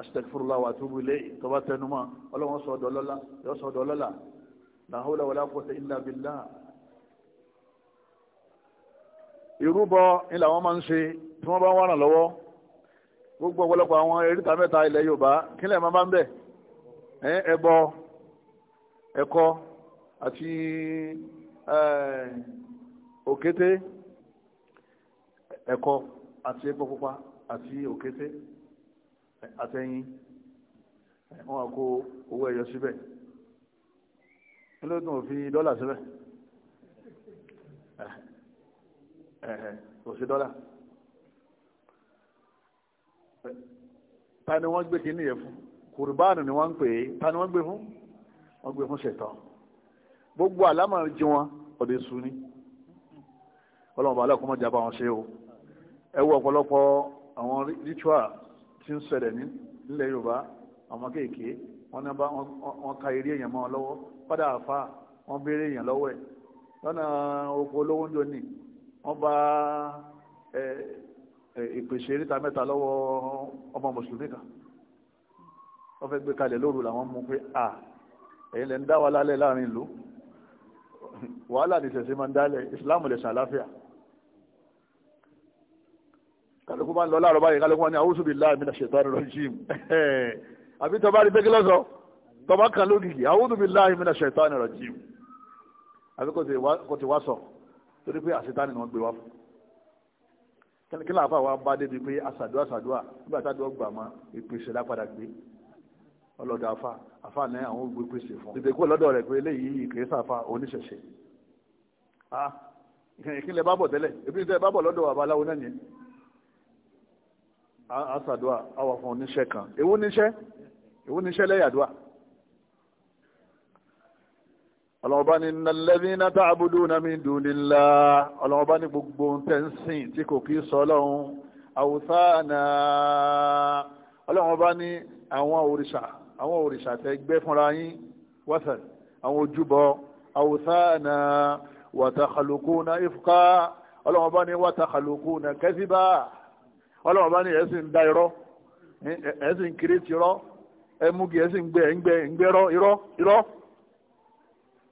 astagfirullah wa atubu ilayhi tó bá tẹnumọ́ ọlọ́run sọ̀dọ̀ lọ́la yóò sọ̀dọ̀ lọ́la la hawla wala quwwata illa billah ìrúbọ ni làwọn máa ń ṣe tí wọ́n bá ń wà ràn lọ́wọ́ gbogbo ọ̀pọ̀lọpọ̀ àwọn eríta àti eh, òkété ẹ̀kọ àti epo pupa àti òkété àtẹ̀yìn wọ́n á kó owó ẹyọ síbẹ̀ nílòdùn òfin dọ́là síbẹ̀ eh, eh, kò sí dọ́là ta ni wọ́n gbé kí ní yẹ fún kùrùbáànù ni wọ́n ń pè é ta ni wọ́n gbé fún wọ́n gbé fún ṣètọ́ gbogbo alama jí wọn ọ̀dẹ̀ sùn ni ọlọ́mọba aláàkọ́mọ́ jábá wọn ṣe o ẹ wo ọ̀pọ̀lọpọ̀ àwọn ritual tí ń ṣẹlẹ̀ nílẹ̀ Yorùbá àwọn kéèké wọn náà bá wọn ka eré èèyàn mọ́ wọn lọ́wọ́ padà àfa wọn béèrè èèyàn lọ́wọ́ ẹ̀ lọ́nà oko olówó ń doni wọ́n bá ìpèsè eréta mẹ́ta lọ́wọ́ ọmọ mùsùlùmí kan wọ́n fẹ́ gbé kalẹ̀ lóru làwọn mú pé à ẹ̀yin lẹ́ ń dá wa lálẹ́ láàrin ìlú wàhálà ní ìṣẹ̀ṣẹ̀ máa ń dálẹ̀ ìsìláàmù lẹ̀sìn àláfíà kálukú máa ń lọ láàrọ̀ báyìí kálukú máa ní àwùsù billahi minash shaitani rajim àbí tọba rí pẹ́kí lọ́sọ̀ tọba kan lógìkì àwùsù billahi minash shaitani rajim àbí kò ti wá sọ torí pé àṣetánì ni wọ́n gbé wá fún kí láàfà wa bá débi pé àṣàdúà àṣàdúà nígbà tá ọlọ́dọ̀ afa afa ní àwọn ògbé pèsè fún un ìdèkú ọlọ́dọ̀ rẹ̀ pé eléyìí ìkèésà afa oníṣẹ̀ṣe ah ìkìlẹ̀ bá bọ̀ tẹ́lẹ̀ ebi tẹ́ bá bọ̀ lọ́dọ̀ babaláwo náà yẹn asàdúà àwà fún oníṣẹ́ kan ewu níṣẹ́ ewu níṣẹ́ lẹ́yàdúà ọlọ́ọ̀bá ni nàlẹ́bínà tá àbúdó nàmí dùnìlá ọlọ́ọ̀bá ni gbogbo tẹ́ǹsìn tí kò kí sọ lọ́hùn àwùsá náà ọlọ́ọ̀bá ni àwọn òrìṣà àwọn òrìṣà tẹ gbẹ́ fúnra yín wọ́sàn àwọn ojúbọ awùsáànà wàtàkàlùkùnà ifka ọlọ́wọ́n bá ní wàtàkàlùkùnà kẹ́síbà ọlọ́wọ́n bá ní ẹ̀sìn ń da irọ́ ẹ̀sìn kiri ti rọ́ ẹ̀múgi ẹ̀sìn gbẹ ẹ̀ngbẹ ẹ̀ngbẹ́rọ́ irọ́ irọ́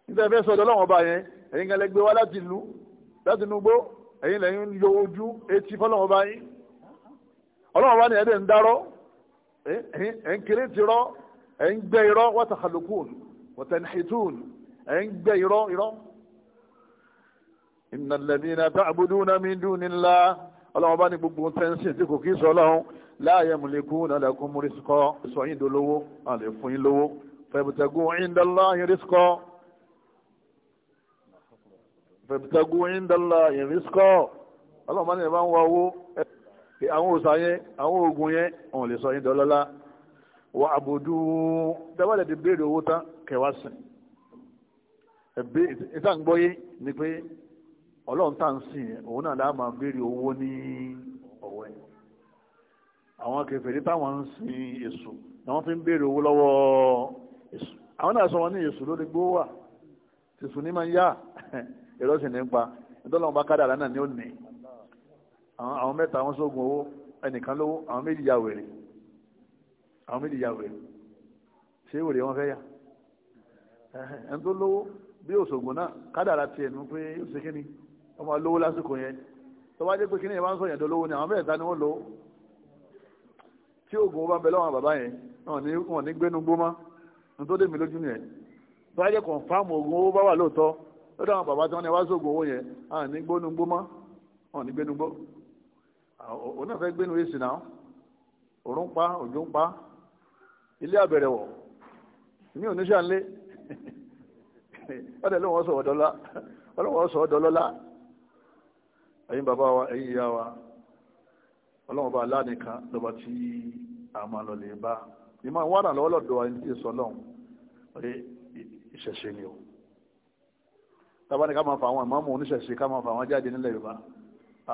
níta fẹ́ sọ́dọ̀ ọlọ́wọ́n bá yẹn ẹ̀yin kan lẹ gbé wá láti ìlú láti inú gbó ẹ̀yin lẹ́yìn yọ ojú etí fọlọ́wọ́n bá yín ọlọ́wọ́n bá ní ẹ̀dẹ̀ ń darọ́ ẹ̀yin ẹ̀ ń gbẹ́ irọ́ wọ́tàkàlùkùn wọ́tànìhìtùn ẹ̀ ń gbẹ́ irọ́ irọ́. iná lẹ́mìnà tá àbúdú náà mi dùn ní ńlá ọlọ́wọ́n bá ní gbogbo tẹ́ńsì tí kò kí sọ ọlọ́run láàyè mùlẹ́kù nàlẹ́kùn múrísíkọ́ sọ yín dolówó àlè fún yín lówó fẹ̀bùtẹ̀gùn ìndàlá yín rísíkọ́ fẹ̀bùtẹ̀gùn ìndàlá yín rísíkọ́ ọlọ́wọ́n bá ní ẹ̀ bá ń wá owó àwọn òòsàn yẹn àwọn oògùn yẹn àwọn lè sọ yín dọ́lọ́lá wọ àbòdú dábàlẹ̀ ti béèrè owó tán kẹwàá sìn ẹ̀bẹ́ ìtàǹgbọ́yé ni pé ọlọ́run tá à ń sìn òun náà láà máa béèrè owó ní ọ̀wọ́ ẹ̀ àwọn kèfèrí táwọn ń sin èṣù ni wọ́n fi ń béèrè owó lọ́wọ́ èṣù àwọn náà sọ wọn ní èṣù lórí gbówó wà tìṣù ní máa ń yá èrò sì ní ń pa ìdọ́lọ́wọ́n bá kádàrá náà ní ó nì àwọn mẹ́ta wọ́n sógun owó ẹnìkan lówó àwọn méjì ya wèrè àwọn méjì ya wèrè ṣé wèrè wọn fẹ́ yà ẹni tó lówó bí òṣògùn náà kádàrà tiẹ̀ nù pé ó ṣe kíni ọmọ lówó lásìkò yẹn tó bá dé pé kíni yẹn bá ń sọ yẹn tó lówó ni àwọn mẹ́ta ni wọ́n lówó tí oògùn bá ń bẹ lọ́wọ́ bàbá yẹn wọn ní gbénu gbó mọ́ ní tó dé mi lójú yẹn tó bá jẹ́ kọ̀ǹfàmù oògùn owó bá wà lóòótọ́ lọ́dọ̀ àwọn bàbá tí wọ́n ní wá sóògùn owó yẹn àwọn ilé àbẹ̀rẹ̀ wọ̀ mi ò ní sànlé ọ̀dẹ̀ ló wọ́n sọ̀rọ̀ dọ́lá ọlọ́wọ́ sọ̀rọ̀ dọ́lọ́lá ẹ̀yin bàbá wa ẹ̀yin ìyá wa ọlọ́wọ́ bá aláàdínkan lọ́ba tí a máa lọ lè bá ìmọ̀ wà náà lọ́wọ́ lọ́dọ̀ ẹni tí sọ lọ́hùn ọ̀rẹ́ ìṣẹ̀ṣe ni o tábà ní ká máa fa àwọn ìmọ̀ọ́mù oníṣẹ̀ṣe ká máa fa àwọn jáde nílẹ̀ Yorùbá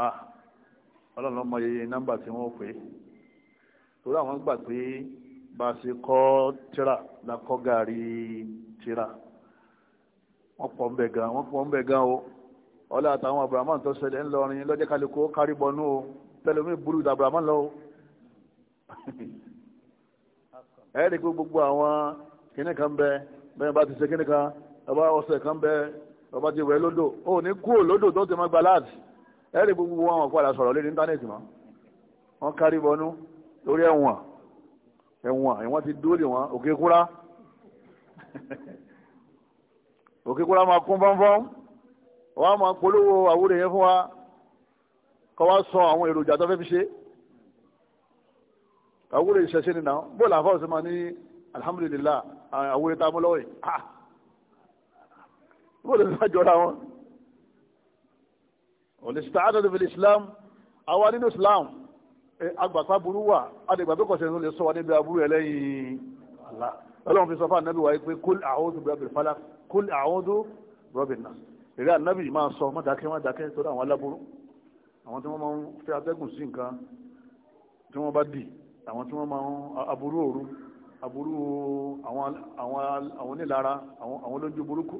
ah ọlọ́run lọ́mọ iye nọ́mbà tí wọ́n pè é torí àwọn gbà pé bá a ṣe kọ́ tíra la kọ́ gàrí tíra wọ́n pọ̀ ń bẹ̀ gan wọ́n pọ̀ ń bẹ̀ gan o ọlá àtàwọn abrahamu tó ṣẹlẹ̀ ńlọrin lọ́jẹ́ kálukú kárí bọnú o tẹlomi burú da abrahamu lọ o ẹ̀ẹ́dì pé gbogbo àwọn kìnnì kan bẹ bẹ́ẹ̀ bá ti ṣe kìnnì kan ọba ọ̀sẹ̀ kan bẹ ọba ti wẹ̀ lódò ó ní kú lódò tó ti máa gba láàdì ẹ̀ẹ́dì gbogbo wọn padà sọ̀rọ̀ lé ní íńtánẹ́ẹ̀tì mọ́ wọ́n kárí bọnú lórí ẹ̀wọ̀n ẹ̀wọ̀n ẹ̀wọ̀n ti dúró dè wọ́n òkè kúrá òkè kúrá máa kún fọ́nfọ́n wọ́n á máa polówó àwúrò yẹn fún wa kọ́ wa sọ àwọn èròjà tó fẹ́ fi ṣe àwúrò ìṣẹ̀ṣẹ̀ nìyà bóòlù àfọwọ́sọ máa ní alihamudulilayi àwúrò tá a mú lọ́wọ́ yìí bóòlù tó jọra wọn olùsítà àdàdàbẹ̀lẹ̀ Islam àwa nínú Islam agbàpá burú wà adìgbà tó kọ̀ṣẹ́ ló lè sọ wa níbi aburú ẹ̀ lẹ́yìn àlá ọlọ́run fi sọ fún ànábì wa pé kúl a'udhu bi rabbil falaq kúl a'udhu bi rabbin nas èrè ànábì máa sọ má dákẹ́ má dákẹ́ tó dá àwọn aláburú àwọn tí wọ́n máa ń fẹ́ atẹ́gùn sí nǹkan tí wọ́n bá dì àwọn tí wọ́n máa ń aburú òru aburú àwọn onílara àwọn olójú burúkú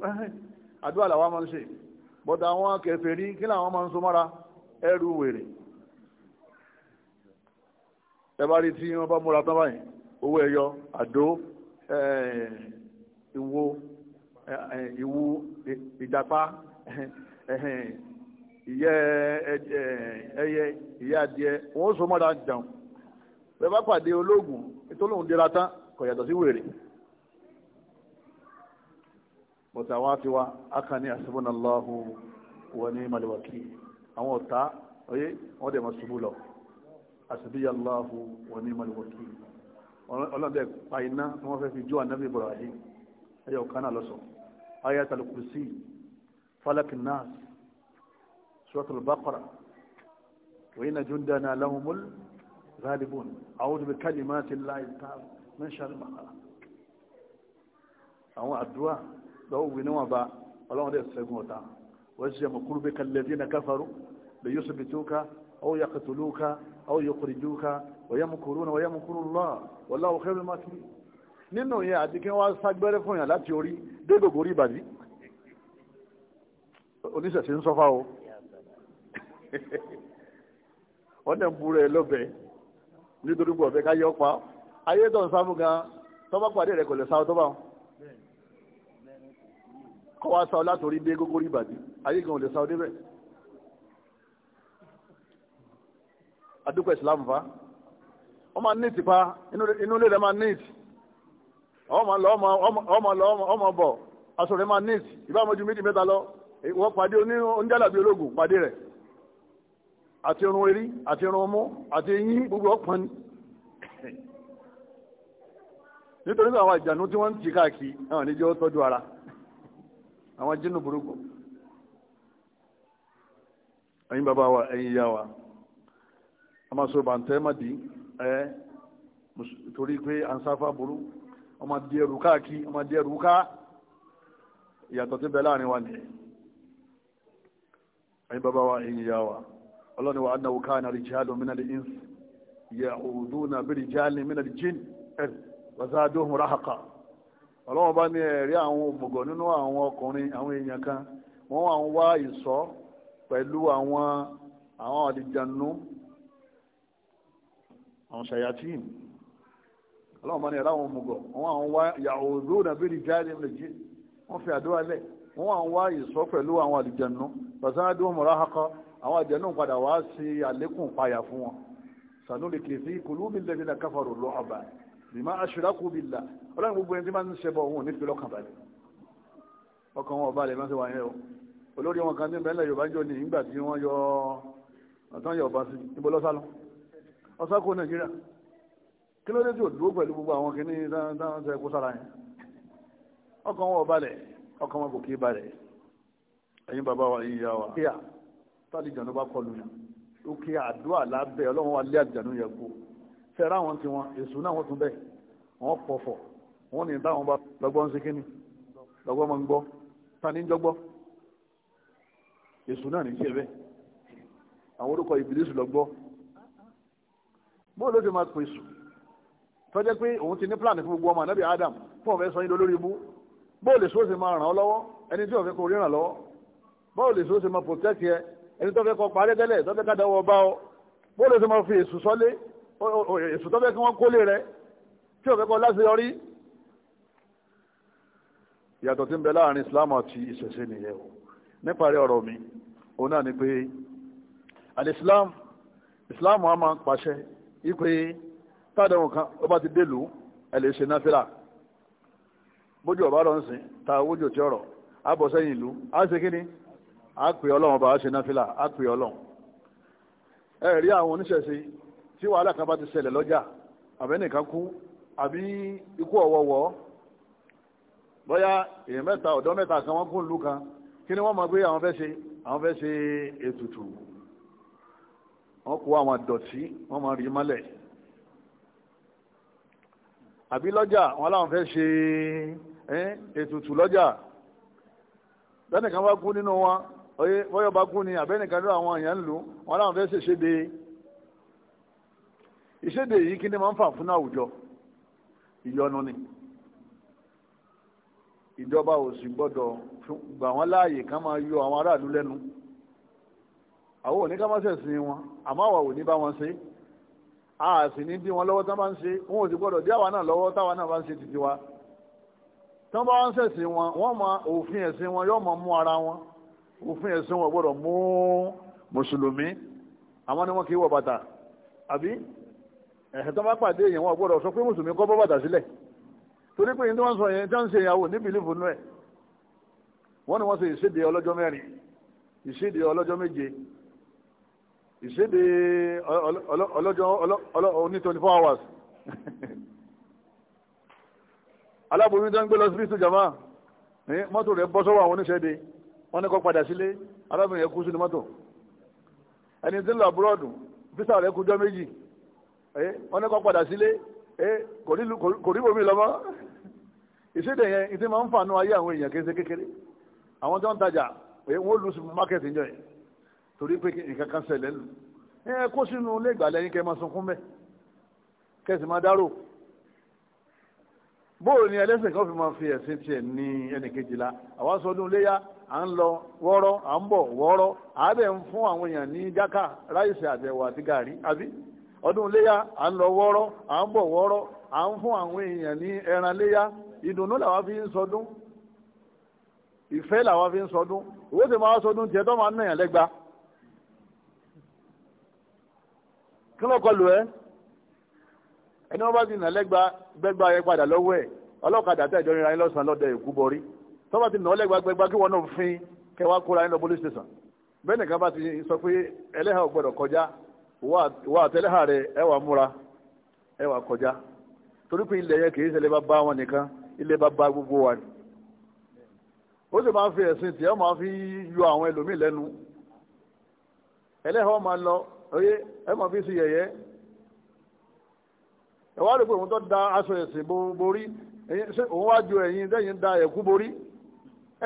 àdúrà làwọn máa ń ṣe bọ́dà àwọn kèfèrí kí làwọn máa ń so mọ́ra ẹrù wèrè ẹ bá rí tí wọ́n bá múra tán báyìí owó ẹyọ àdó ìwo ìwu ìjàpá ìyẹ́ ẹyẹ ìyẹ́ adìẹ wọ́n so mọ́ra jàun bẹ bá pàdé ológun ìtọ́lóhùn dira tán kò yàtọ̀ sí wèrè bọ̀tà wá fi wá aka ní àṣìbọ̀nà lọ́hùn wọ́n ní màlúwàkì àwọn ọ̀tá ọyẹ́ wọ́n dẹ̀ máa ṣubú lọ àṣìbíyà Allahu wa ni'mal wakil ọlọ́dẹ pa iná tí wọ́n fẹ́ fi jó ànábì Ibrahim ẹyọ kan náà lọ́sọ̀ ayatul kursi falak nas suratul baqara wa inna jundana lahumul ghalibun a'udhu bi kalimati llahi ta'ala min sharri ma àwọn àdúrà lọ́wọ́ níwọ̀n bá ọlọ́run dẹ̀ ṣẹ́gun wọ́n ṣe mọ̀kúrú bí kallazina kafaru li yusbituka aw yaqtuluka àwọn yukhrijuka wayamkuruna wayamkurullah wallahu khairul makirin nínú yẹn àti kí wọ́n ságbẹ́rẹ́ fún yàn láti orí dé gbogbo orí ìbàdí oníṣẹ̀ṣẹ̀ ń sọ́fà o ọ̀nà ń burú ẹ lọ́bẹ̀ẹ́ nítorí pé ọ̀fẹ́ káyọ̀ pa ayé tó ń sáfù gan tọ́ba pàdé rẹ̀ kò lè sáwọ́ tọ́ba kọ́ wa sáwọ́ látòrí dé gbogbo orí ìbàdí ayé gan ò lè sáwọ́ débẹ̀. àdúgbò ìsìlámù fa wọ́n máa níìtì pa inú ilé rẹ̀ máa níìtì ọmọ lọ ọmọ lọ ọmọ bọ̀ aṣọ rẹ̀ máa níìtì ìbá mọ́jú méjì mẹ́ta lọ wọ́n pàdé oníjàlàbí ológun pàdé rẹ̀ àti irun erí àti irun ọmọ àti eyín gbogbo ọ̀pọ̀ ni nítorí àwọn àjànú tí wọ́n ń tì káàkiri àwọn àníjọ́ tọ́jú ara àwọn jínú burúkú ẹ̀yin bàbá wa ẹ̀yin ìyá wa ọmọ so bàǹtẹ́ má dì ẹ́ torí pé ansáfà burú ọmọ di ẹrù káàkiri ọmọ di ẹrù ká ìyàtọ̀ tí bẹ láàrin wa ni ẹ̀yin bàbá wa ẹ̀yin ìyá wa ọlọ́ni wa na kana rijalun minal ins ya'uduna bi rijalin minal jinn ẹ̀rì er, wa zaduhum rahaqa ọlọ́wọ́n bá ní ẹ̀rí àwọn òmùgọ̀ nínú àwọn ọkùnrin àwọn èèyàn kan wọ́n wà ń wá ìsọ́ pẹ̀lú àwọn àwọn àwọn ṣayatin ọlọ́run bá ní ẹ̀rọ àwọn ọmọgọ̀ wọ́n àwọn wá ìyàwó lóòrùn àbí ìjáde méjì wọ́n fi àdó alẹ̀ wọ́n àwọn wá ìsọ pẹ̀lú àwọn àlìjẹ̀nu pàṣẹ́wádìí wọn mọ̀ra akọ àwọn àjẹ̀nu padà wá sí àlékún payà fún wọn sànúlì kìí kùlú bí lẹ́bi náà káfàrò lọ àbá bìmá aṣírákù bí là ọlọ́run gbogbo ẹni tí máa ń ṣe bọ̀ òun ò ní fi lọ́kàn balẹ̀ ọkàn wọn ọba rẹ̀ máa ń ṣe wà yẹn o olórí wọn kan ní bẹ́ẹ̀ lẹ́yìn Yorùbá jọ ní ìgbà tí wọ́n yọ ọ̀tán Yorùbá sí ibo ọ̀sákò nàìjíríà kí ló dé tí ò dúró pẹ̀lú gbogbo àwọn kìíní dáhùn sẹ́kù sára yẹn ọkàn wọn balẹ̀ ọkàn wọn kò kí balẹ̀ ẹ̀yin bàbá wa yìí yá wa kíá tàbí ìjànú bá kọlu yàn ó kí àdúrà lábẹ́ ọlọ́run wa lé àjànú yẹn kú fẹ́ra àwọn tí wọn èso náà wọ́n tún bẹ́ẹ̀ wọ́n pọ̀fọ̀ wọ́n ní táwọn bá lọ́gbọ́n sí kíní lọ́gbọ́n máa ń gbọ́ tani ń jọ́gbọ́ èso náà ní kí ẹ bẹ́ẹ̀ àwọn orúkọ ìbílẹ̀ sùn lọ́gbọ́n bóun ló ti máa pè sùn tọ́jẹ́ pé òun ti ní pílánì fún gbogbo ọmọ ànábì Adam fún ọ̀fẹ́ sọyìn lórí ibú bóun lè sóòsì máa ràn ọ́ lọ́wọ́ ẹni tí ọ̀fẹ́ kò rí ràn lọ́wọ́ bóun lè sóòsì máa protect yẹ ẹni tọ́fẹ́ kọ parí tẹ́lẹ̀ tọ́fẹ́ ká dáwọ́ bá ọ bóun lè máa fi èsù sọ́lé èsù tọ́fẹ́ kí wọ́n kólé rẹ tí ọ̀fẹ́ kọ láṣeyọrí ìyàtọ̀ tí ń bẹ láàrin Islam àti ìṣẹ̀ṣe nìyẹn o níparí ọ̀rọ̀ mi òun náà ni pé al-Islam Islam wa máa ń pàṣẹ ipe tádẹ̀wọ̀n kan ó bá ti délùú ẹ̀ lè ṣe náfìlà bójú ọ̀bá lọ ń sìn ta owójú ti ọ̀rọ̀ á bọ̀ sẹ́yìn ìlú á ṣe kíni á pè ọlọ́run ọba á ṣe náfìlà á pè ọlọ́run ẹ rí àwọn oníṣẹ̀ṣe tí wàhálà kan bá ti ṣẹlẹ̀ lọ́jà àbẹ́nìkan kú àbí ikú ọ̀wọ̀wọ̀ bóyá èèyàn mẹ́ta ọ̀dọ́ mẹ́ta kan wọ́n kún ìlú kan kí ni wọ́n mọ̀ pé àwọn fẹ́ ṣe àwọn fẹ́ ṣe ètùtù wọ́n kó àwọn àdọ̀tí wọ́n máa rí mọ́lẹ̀ àbí lọ́jà wọn láwọn fẹ́ ṣe ètùtù lọ́jà bẹ́nìkan bá kú nínú wọn oyè bọ́yọ̀ bá kú ni àbẹ́nìkan lọ́wọ́ àwọn èèyàn ń lù wọn láwọn fẹ́ ṣèṣede ìṣèdè yìí kí ni máa ń fà fún àwùjọ ìyọnu ni ìjọba ò sì gbọ́dọ̀ gbà wọ́n láàyè ká máa yọ àwọn aráàlú lẹ́nu àwọn òní ká má ṣẹ̀sìn wọn àmọ́ àwa ò ní bá wọn ṣe a sì ní bí wọn lọ́wọ́ tán bá ń ṣe wọn ò sì gbọ́dọ̀ dí náà lọ́wọ́ táwa náà bá ń ṣe títí wa tán bá wọn ṣẹ̀sìn wọn wọn mọ òfin ẹ̀sìn wọn yóò mọ mú ara wọn òfin ẹ̀sìn wọn gbọ́dọ̀ mú mùsùlùmí àwọn ni wọn kì í wọ bàtà àbí ẹ̀sìn tó bá pàdé èèyàn wọn gbọ́dọ̀ sọ pé mùsùlùmí kọ́ bọ́ bàtà sílẹ̀ torí pé yìí tí wọ́n ni wọ́n ṣe ìṣèdè ọlọ́jọ́ ìṣèdè ọlọ́jọ́ oní 24 hours aláboyún tó ń gbé lọ síbí ìtòjàmá ní mọ́tò rẹ̀ bọ́ sọ́wọ́ àwọn oníṣẹ́dè wọ́n ní kó padà sílé arábìnrin ẹkú sínú mọ́tò ẹni tí ń lọ abúrọ́dù físà rẹ̀ kújọ́ méjì wọ́n ní kó padà sílé kò rí omi lọ́mọ́ ìṣèdè yẹn ìtì máa ń fànú ayé àwọn èèyàn kékeré àwọn tó ń tajà wọ́n lù sí market enjoy torí pé nǹkan kan ṣẹlẹ̀ nù ẹ kó sínú ìgbàlẹ̀ yín kẹ́ máa sunkún bẹ́ẹ̀ kẹ́sì máa dárò bóòlù ni ẹlẹ́sìn kan fi fi ẹ̀sìn tiẹ̀ ní ẹnìkejìlá àwa sọ ọdún léyà à ń lọ àbẹ̀ ń fún àwọn ní jákà ráìsì àbẹ̀wò àti gàrí àbí ọdún léyà à ń lọ wọ́ọ́rọ́ à ń bọ̀ à ń fún ní ẹran léyà ìdùnnú kí wọ́n kọlù ẹ́ ẹni wọ́n bá ti nà lẹ́gba gbẹ́gba yẹn padà lọ́wọ́ ẹ̀ ọlọ́kadà tẹ̀ ìjọ ríra yín lọ́sàn-án lọ́dẹ èkú bọ́rí tọ́ba ti nà lẹ́gba gbẹ́gba kí wọ́n náà fín kẹwàá kóra yín lọ police station bẹ́ẹ̀ nìkan bá ti sọ pé ẹlẹ́hà ò kọjá wà àtẹlẹ́hà rẹ ẹ múra ẹ kọjá torí pé ilẹ̀ kì í bá wọn nìkan gbogbo wa ni ó sì máa fi ẹ̀sìn máa fi yọ àwọn ẹlòmíì lẹ́nu ẹlẹ́hà lọ oyè ẹ mọ̀ fi si yẹ̀yẹ́ ẹ wá rí pé òun tó da aṣọ ẹ̀sìn borí ṣé òun wá ju ẹ̀yin dẹ́yìn da ẹ̀kú borí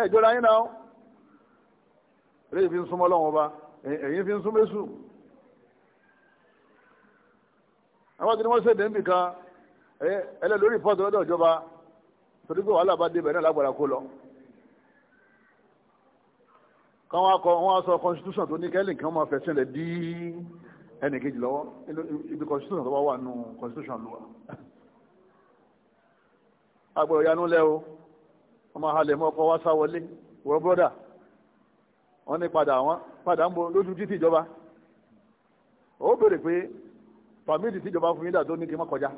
ẹ̀ jọra yín náà eléyìí fi ń súnmọ́ lọ́wọ́ ọba ẹ̀yin fi ń súnmọ́ èṣù àwọn tí wọ́n ṣèdè nìkan ẹlẹ́lórí pọ́ọ̀tù lọ́dọ̀ ìjọba torí pé wàhálà bá débẹ̀ náà lágbára kó lọ kan wá kọ wọ́n sọ constitution tó ní kẹ́lì kan máa fẹ̀sìn rẹ̀ dí ẹnì kejì lọ́wọ́ ibi constitution tó bá wà nù constitution lọ́wọ́ agbẹ̀ òyanu lẹ́ o ọmọ halẹ̀ mọ́ ọkọ wá sá wọ́n brọ́dà wọ́n ní padà wọ́n padà ń bo lójú títì ìjọba ó béèrè pé pàmìtì tí ìjọba fún yín dà tó ní kí n má kọjá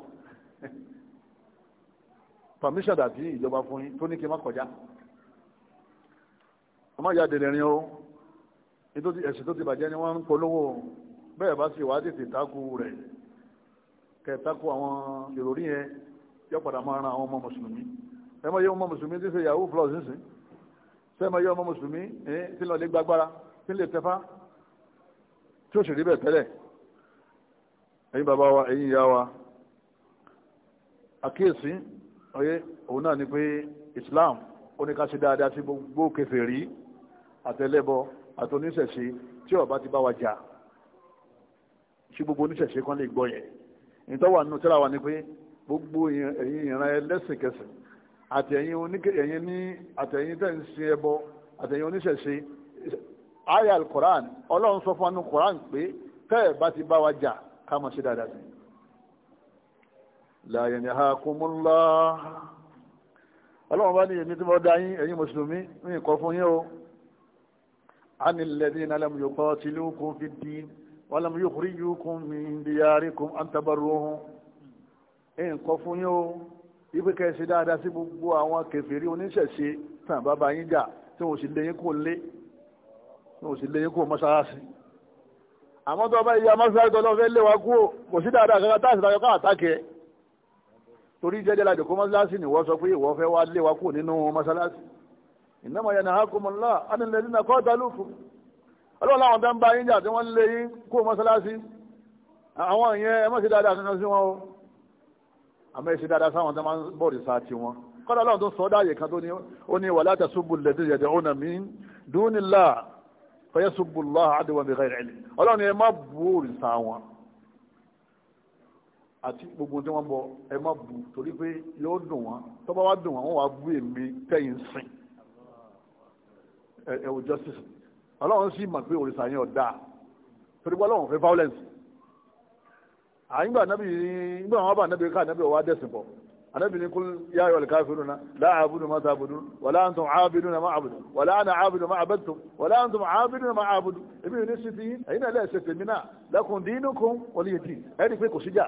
pàmìṣàn dà tí ìjọba fún yín tó ní kí n má kọjá ọmọ ìyá dèrè rin o nítorí ẹ̀sìn tó ti bàjẹ́ ni wọ́n ń polówó bẹ́ẹ̀ bá sì wàá tètè takú rẹ̀ kẹ̀ takú àwọn ìròrí yẹn yọ padà máa ran àwọn ọmọ mùsùlùmí ẹ mọ̀ yẹ ọmọ mùsùlùmí tí ń ṣe yahoo plus ń sìn ṣe mọ̀ yẹ ọmọ mùsùlùmí tí ń lọ lé gbàgbára tí lè tẹfá tí ó sì rí bẹ́ẹ̀ tẹ́lẹ̀ ẹ̀yin bàbá wa ẹ̀yin ìyá wa àkíyèsí ọyẹ òun náà ni pé Islam ó ní ká ṣe dáadáa sí gbogbo kèfèrí àtẹlẹ́bọ àtọ́níṣẹ̀ṣe tí ó bá ti bá wa jà ṣé gbogbo oníṣẹ̀ṣe kan lè gbọ́ yẹn ìtọ́wà nínú tẹ́lá wa ni pé gbogbo ẹ̀yin ìran ẹlẹ́sìnkẹsìn àti ẹ̀yin oníkẹyìn ní àtẹ̀yin tẹ̀ ń sin ẹbọ àtẹ̀yin oníṣẹ̀ṣe aya al-Qur'an ọlọ́run sọ fún anú Qur'an pé tẹ́ ẹ̀ bá ti bá wa jà ká máa ṣe dáadáa sí la yanhakumullah ọlọ́run bá ní èmi tí mo dá yín ẹ̀yin mùsùlùmí ń kọ́ fún yín o عن الذين لم يقاتلوكم في الدين ولم يخرجوكم من دياركم أن تبروهم إن قفوا ibi kẹsì dáadáa sí gbogbo àwọn kèfèrí oníṣẹ̀ṣe tàn bàbá yín jà tí wọn ò sì léyìn kó lé wọn ò sì léyìn kó mọ́ṣáláṣí. àmọ́ tó bá ìyá mọ́ṣáláṣí tó lọ́fẹ́ lé wa kú ò kò sí dáadáa kankan táàsì láyọ̀ káà táàkẹ́. torí jẹ́jẹ́ lajọ̀ kó mọ́ṣáláṣí ni wọ́n sọ pé ìwọ fẹ́ wá lé wa kú nínú mọ́ṣáláṣí ìnáwó yẹn náà kó mọ ńlá ánilẹ̀ nínú ẹ̀kọ́ dalúkù ọlọ́run láwọn tó ń bá yín jà tí wọ́n lé yín kó mọ́sálásí àwọn ìyẹn ẹ má ṣe dáadáa sínú sí wọn o àmọ́ ẹ ṣe dáadáa sáwọn tó máa ń bọ̀ rí sáà tiwọn kọ́dà ọlọ́run tó sọ ọ́ dáàyè kan tó ní ó ní wàlá tasubbu alladhi yad'una min dunillah fayasubbu Allah adwan bighayri àti gbogbo tí wọ́n bọ ẹ má bu torí pé yóò dùn wọn tó bá dùn wọn wọ́n wá bú èmi tẹ́yìn sìn ẹ̀wù justice ọlọ́run sì mọ̀ pé òrìṣà yẹn ọ̀dà torí pé ọlọ́run fẹ́ violence àyìnbá anábì ní nígbà wọn bá anábì ká anábì ọwọ́ adẹ́sìn pọ̀ anábì ní kul ya ayyuhal kafiruna la a'budu ma ta'budun wala antum 'abiduna ma a'budu wala ana 'abidu ma 'abadtum wala antum 'abiduna ma a'budu èmi ní sí ti ẹ̀yin náà lẹ́ẹ̀sẹ̀ tèmi náà lakum dinukum waliya din ẹ̀rí pé kò síjà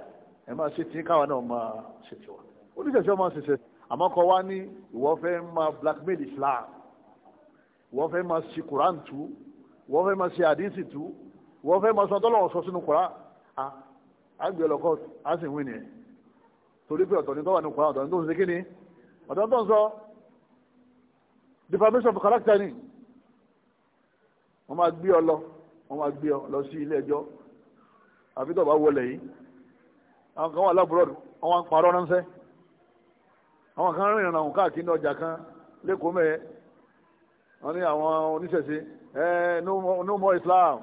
ẹ̀ máa ṣe tí káwa náà máa ṣe tiwa oníṣẹ̀ṣẹ̀ máa ṣẹṣẹ̀ àmọ́ kọ́ wá ní ìwọ máa blackmail Islam wọ́n fẹ́ máa ṣe Quran tú wọ́n fẹ́ máa ṣe àdísì tú wọ́n fẹ́ máa sọ tọ́lọ̀ sọ sínú Quran àgbẹ̀ ọlọ́kọ́ á sì wí nìyẹn torí pé ọ̀tọ̀ ni tó wà ní Quran ọ̀tọ̀ ni tó ń ṣe kí ni ọ̀tọ̀ ni tó ń sọ defamation of character ni wọ́n máa gbé ọ lọ wọ́n máa gbé ọ lọ sí ilé ẹjọ́ àfi tó bá wọlé yìí àwọn kan wà lábúrọ̀dù wọ́n wá ń parọ́ ránṣẹ́ àwọn kan rìnrìn àwọn káàkiri ọjà kan lẹ́kọ̀ọ́ mẹ́ẹ̀ẹ́ wọ́n ní àwọn oníṣẹ̀ṣe ẹ no more Islam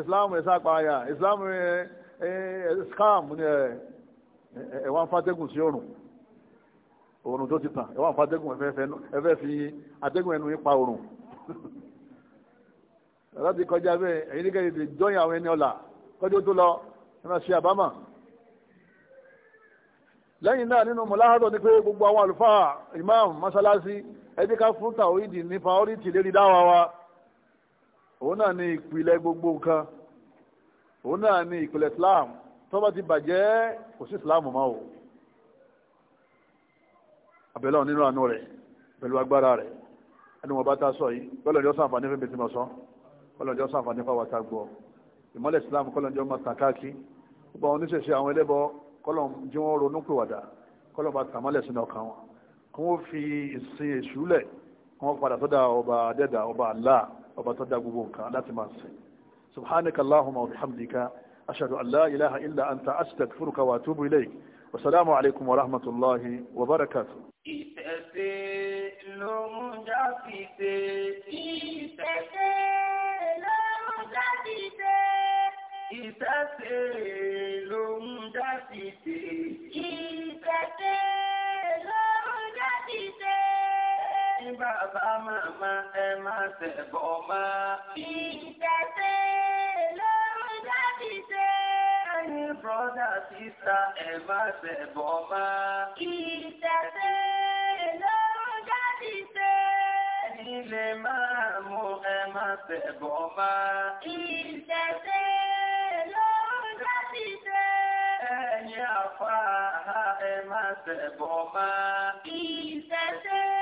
Islam ẹ̀ sàpààyà Islam ẹ̀ scam ní ẹ̀ ẹ̀ wá ń fàtẹ́gùn sí òrùn òrùn tó ti tàn ẹ̀ wá ń fàtẹ́gùn ẹ̀fẹ́ fi àtẹ́gùn ẹnu yín pa òrùn láti kọjá bẹ́ẹ̀ ẹ̀yin ní kẹ́kẹ́ jọyìn àwọn ẹni ọ̀la kọjú tó lọ ẹ máa ṣe àbámà lẹ́yìn náà nínú mọ̀láhàdọ̀ ni pé gbogbo àwọn àlùfáà imam masalasi ẹbí ká fún tàwídì ní priority lérí dáwà wa òun náà ni ìpìlẹ̀ gbogbo nǹkan òun náà ni ìpìlẹ̀ Islam tó bá ti bàjẹ́ kò sí Islam mọ́ o àbẹ̀lẹ̀ nínú àánú rẹ̀ pẹ̀lú agbára rẹ̀ ẹni wọn bá ta sọ yìí kọ́lọ̀jọ́ sàǹfààní fún bẹ̀tì mọ̀sán kọ́lọ̀jọ́ sàǹfààní fún àwọn àtàgbọ̀ ìmọ̀lẹ̀ Islam kọ́lọ̀jọ́ máa tàn káàkiri gbogbo àwọn oníṣẹ̀ṣe àwọn ẹlẹ́bọ kọ́lọ̀ jí wọ́n ronú pèwàdà kọ́lọ̀ bá tàmọ́lẹ̀ sínú ọkàn wọn kí wọ́n fi ìsìn èṣù lẹ̀ kí wọ́n padà sọ́dọ̀ ọba adẹ́dà ọba Allah ọba tó dá gbogbo nǹkan láti máa sìn subhanaka allahumma wa bihamdika ashhadu an la ilaha illa anta astaghfiruka wa atubu ilayk wa salaamu alaykum wa rahmatullahi wa barakatuh ìfẹsẹ̀ ló ń jáfìfẹ́ ìfẹsẹ̀ ló ń jáfìfẹ́ ìfẹsẹ̀ ló ń jáfìfẹ́ ìfẹsẹ̀. ẹ̀yin bàbá màmá ẹ má ṣẹ̀bọ̀ mọ́. ìtẹ̀tẹ̀ lórí dábì ṣe. ẹ̀yin brọ́dà sísá ẹ má ṣẹ̀bọ̀ mọ́. ìtẹ̀tẹ̀ lórí dábì ṣe. ẹ̀yin lè máa mú ẹ má ṣẹ̀bọ̀ mọ́. ìtẹ̀tẹ̀ lórí dábì ṣe. ẹ̀yin àfa ẹ má ṣẹ̀bọ̀ mọ́. ìtẹ̀tẹ̀.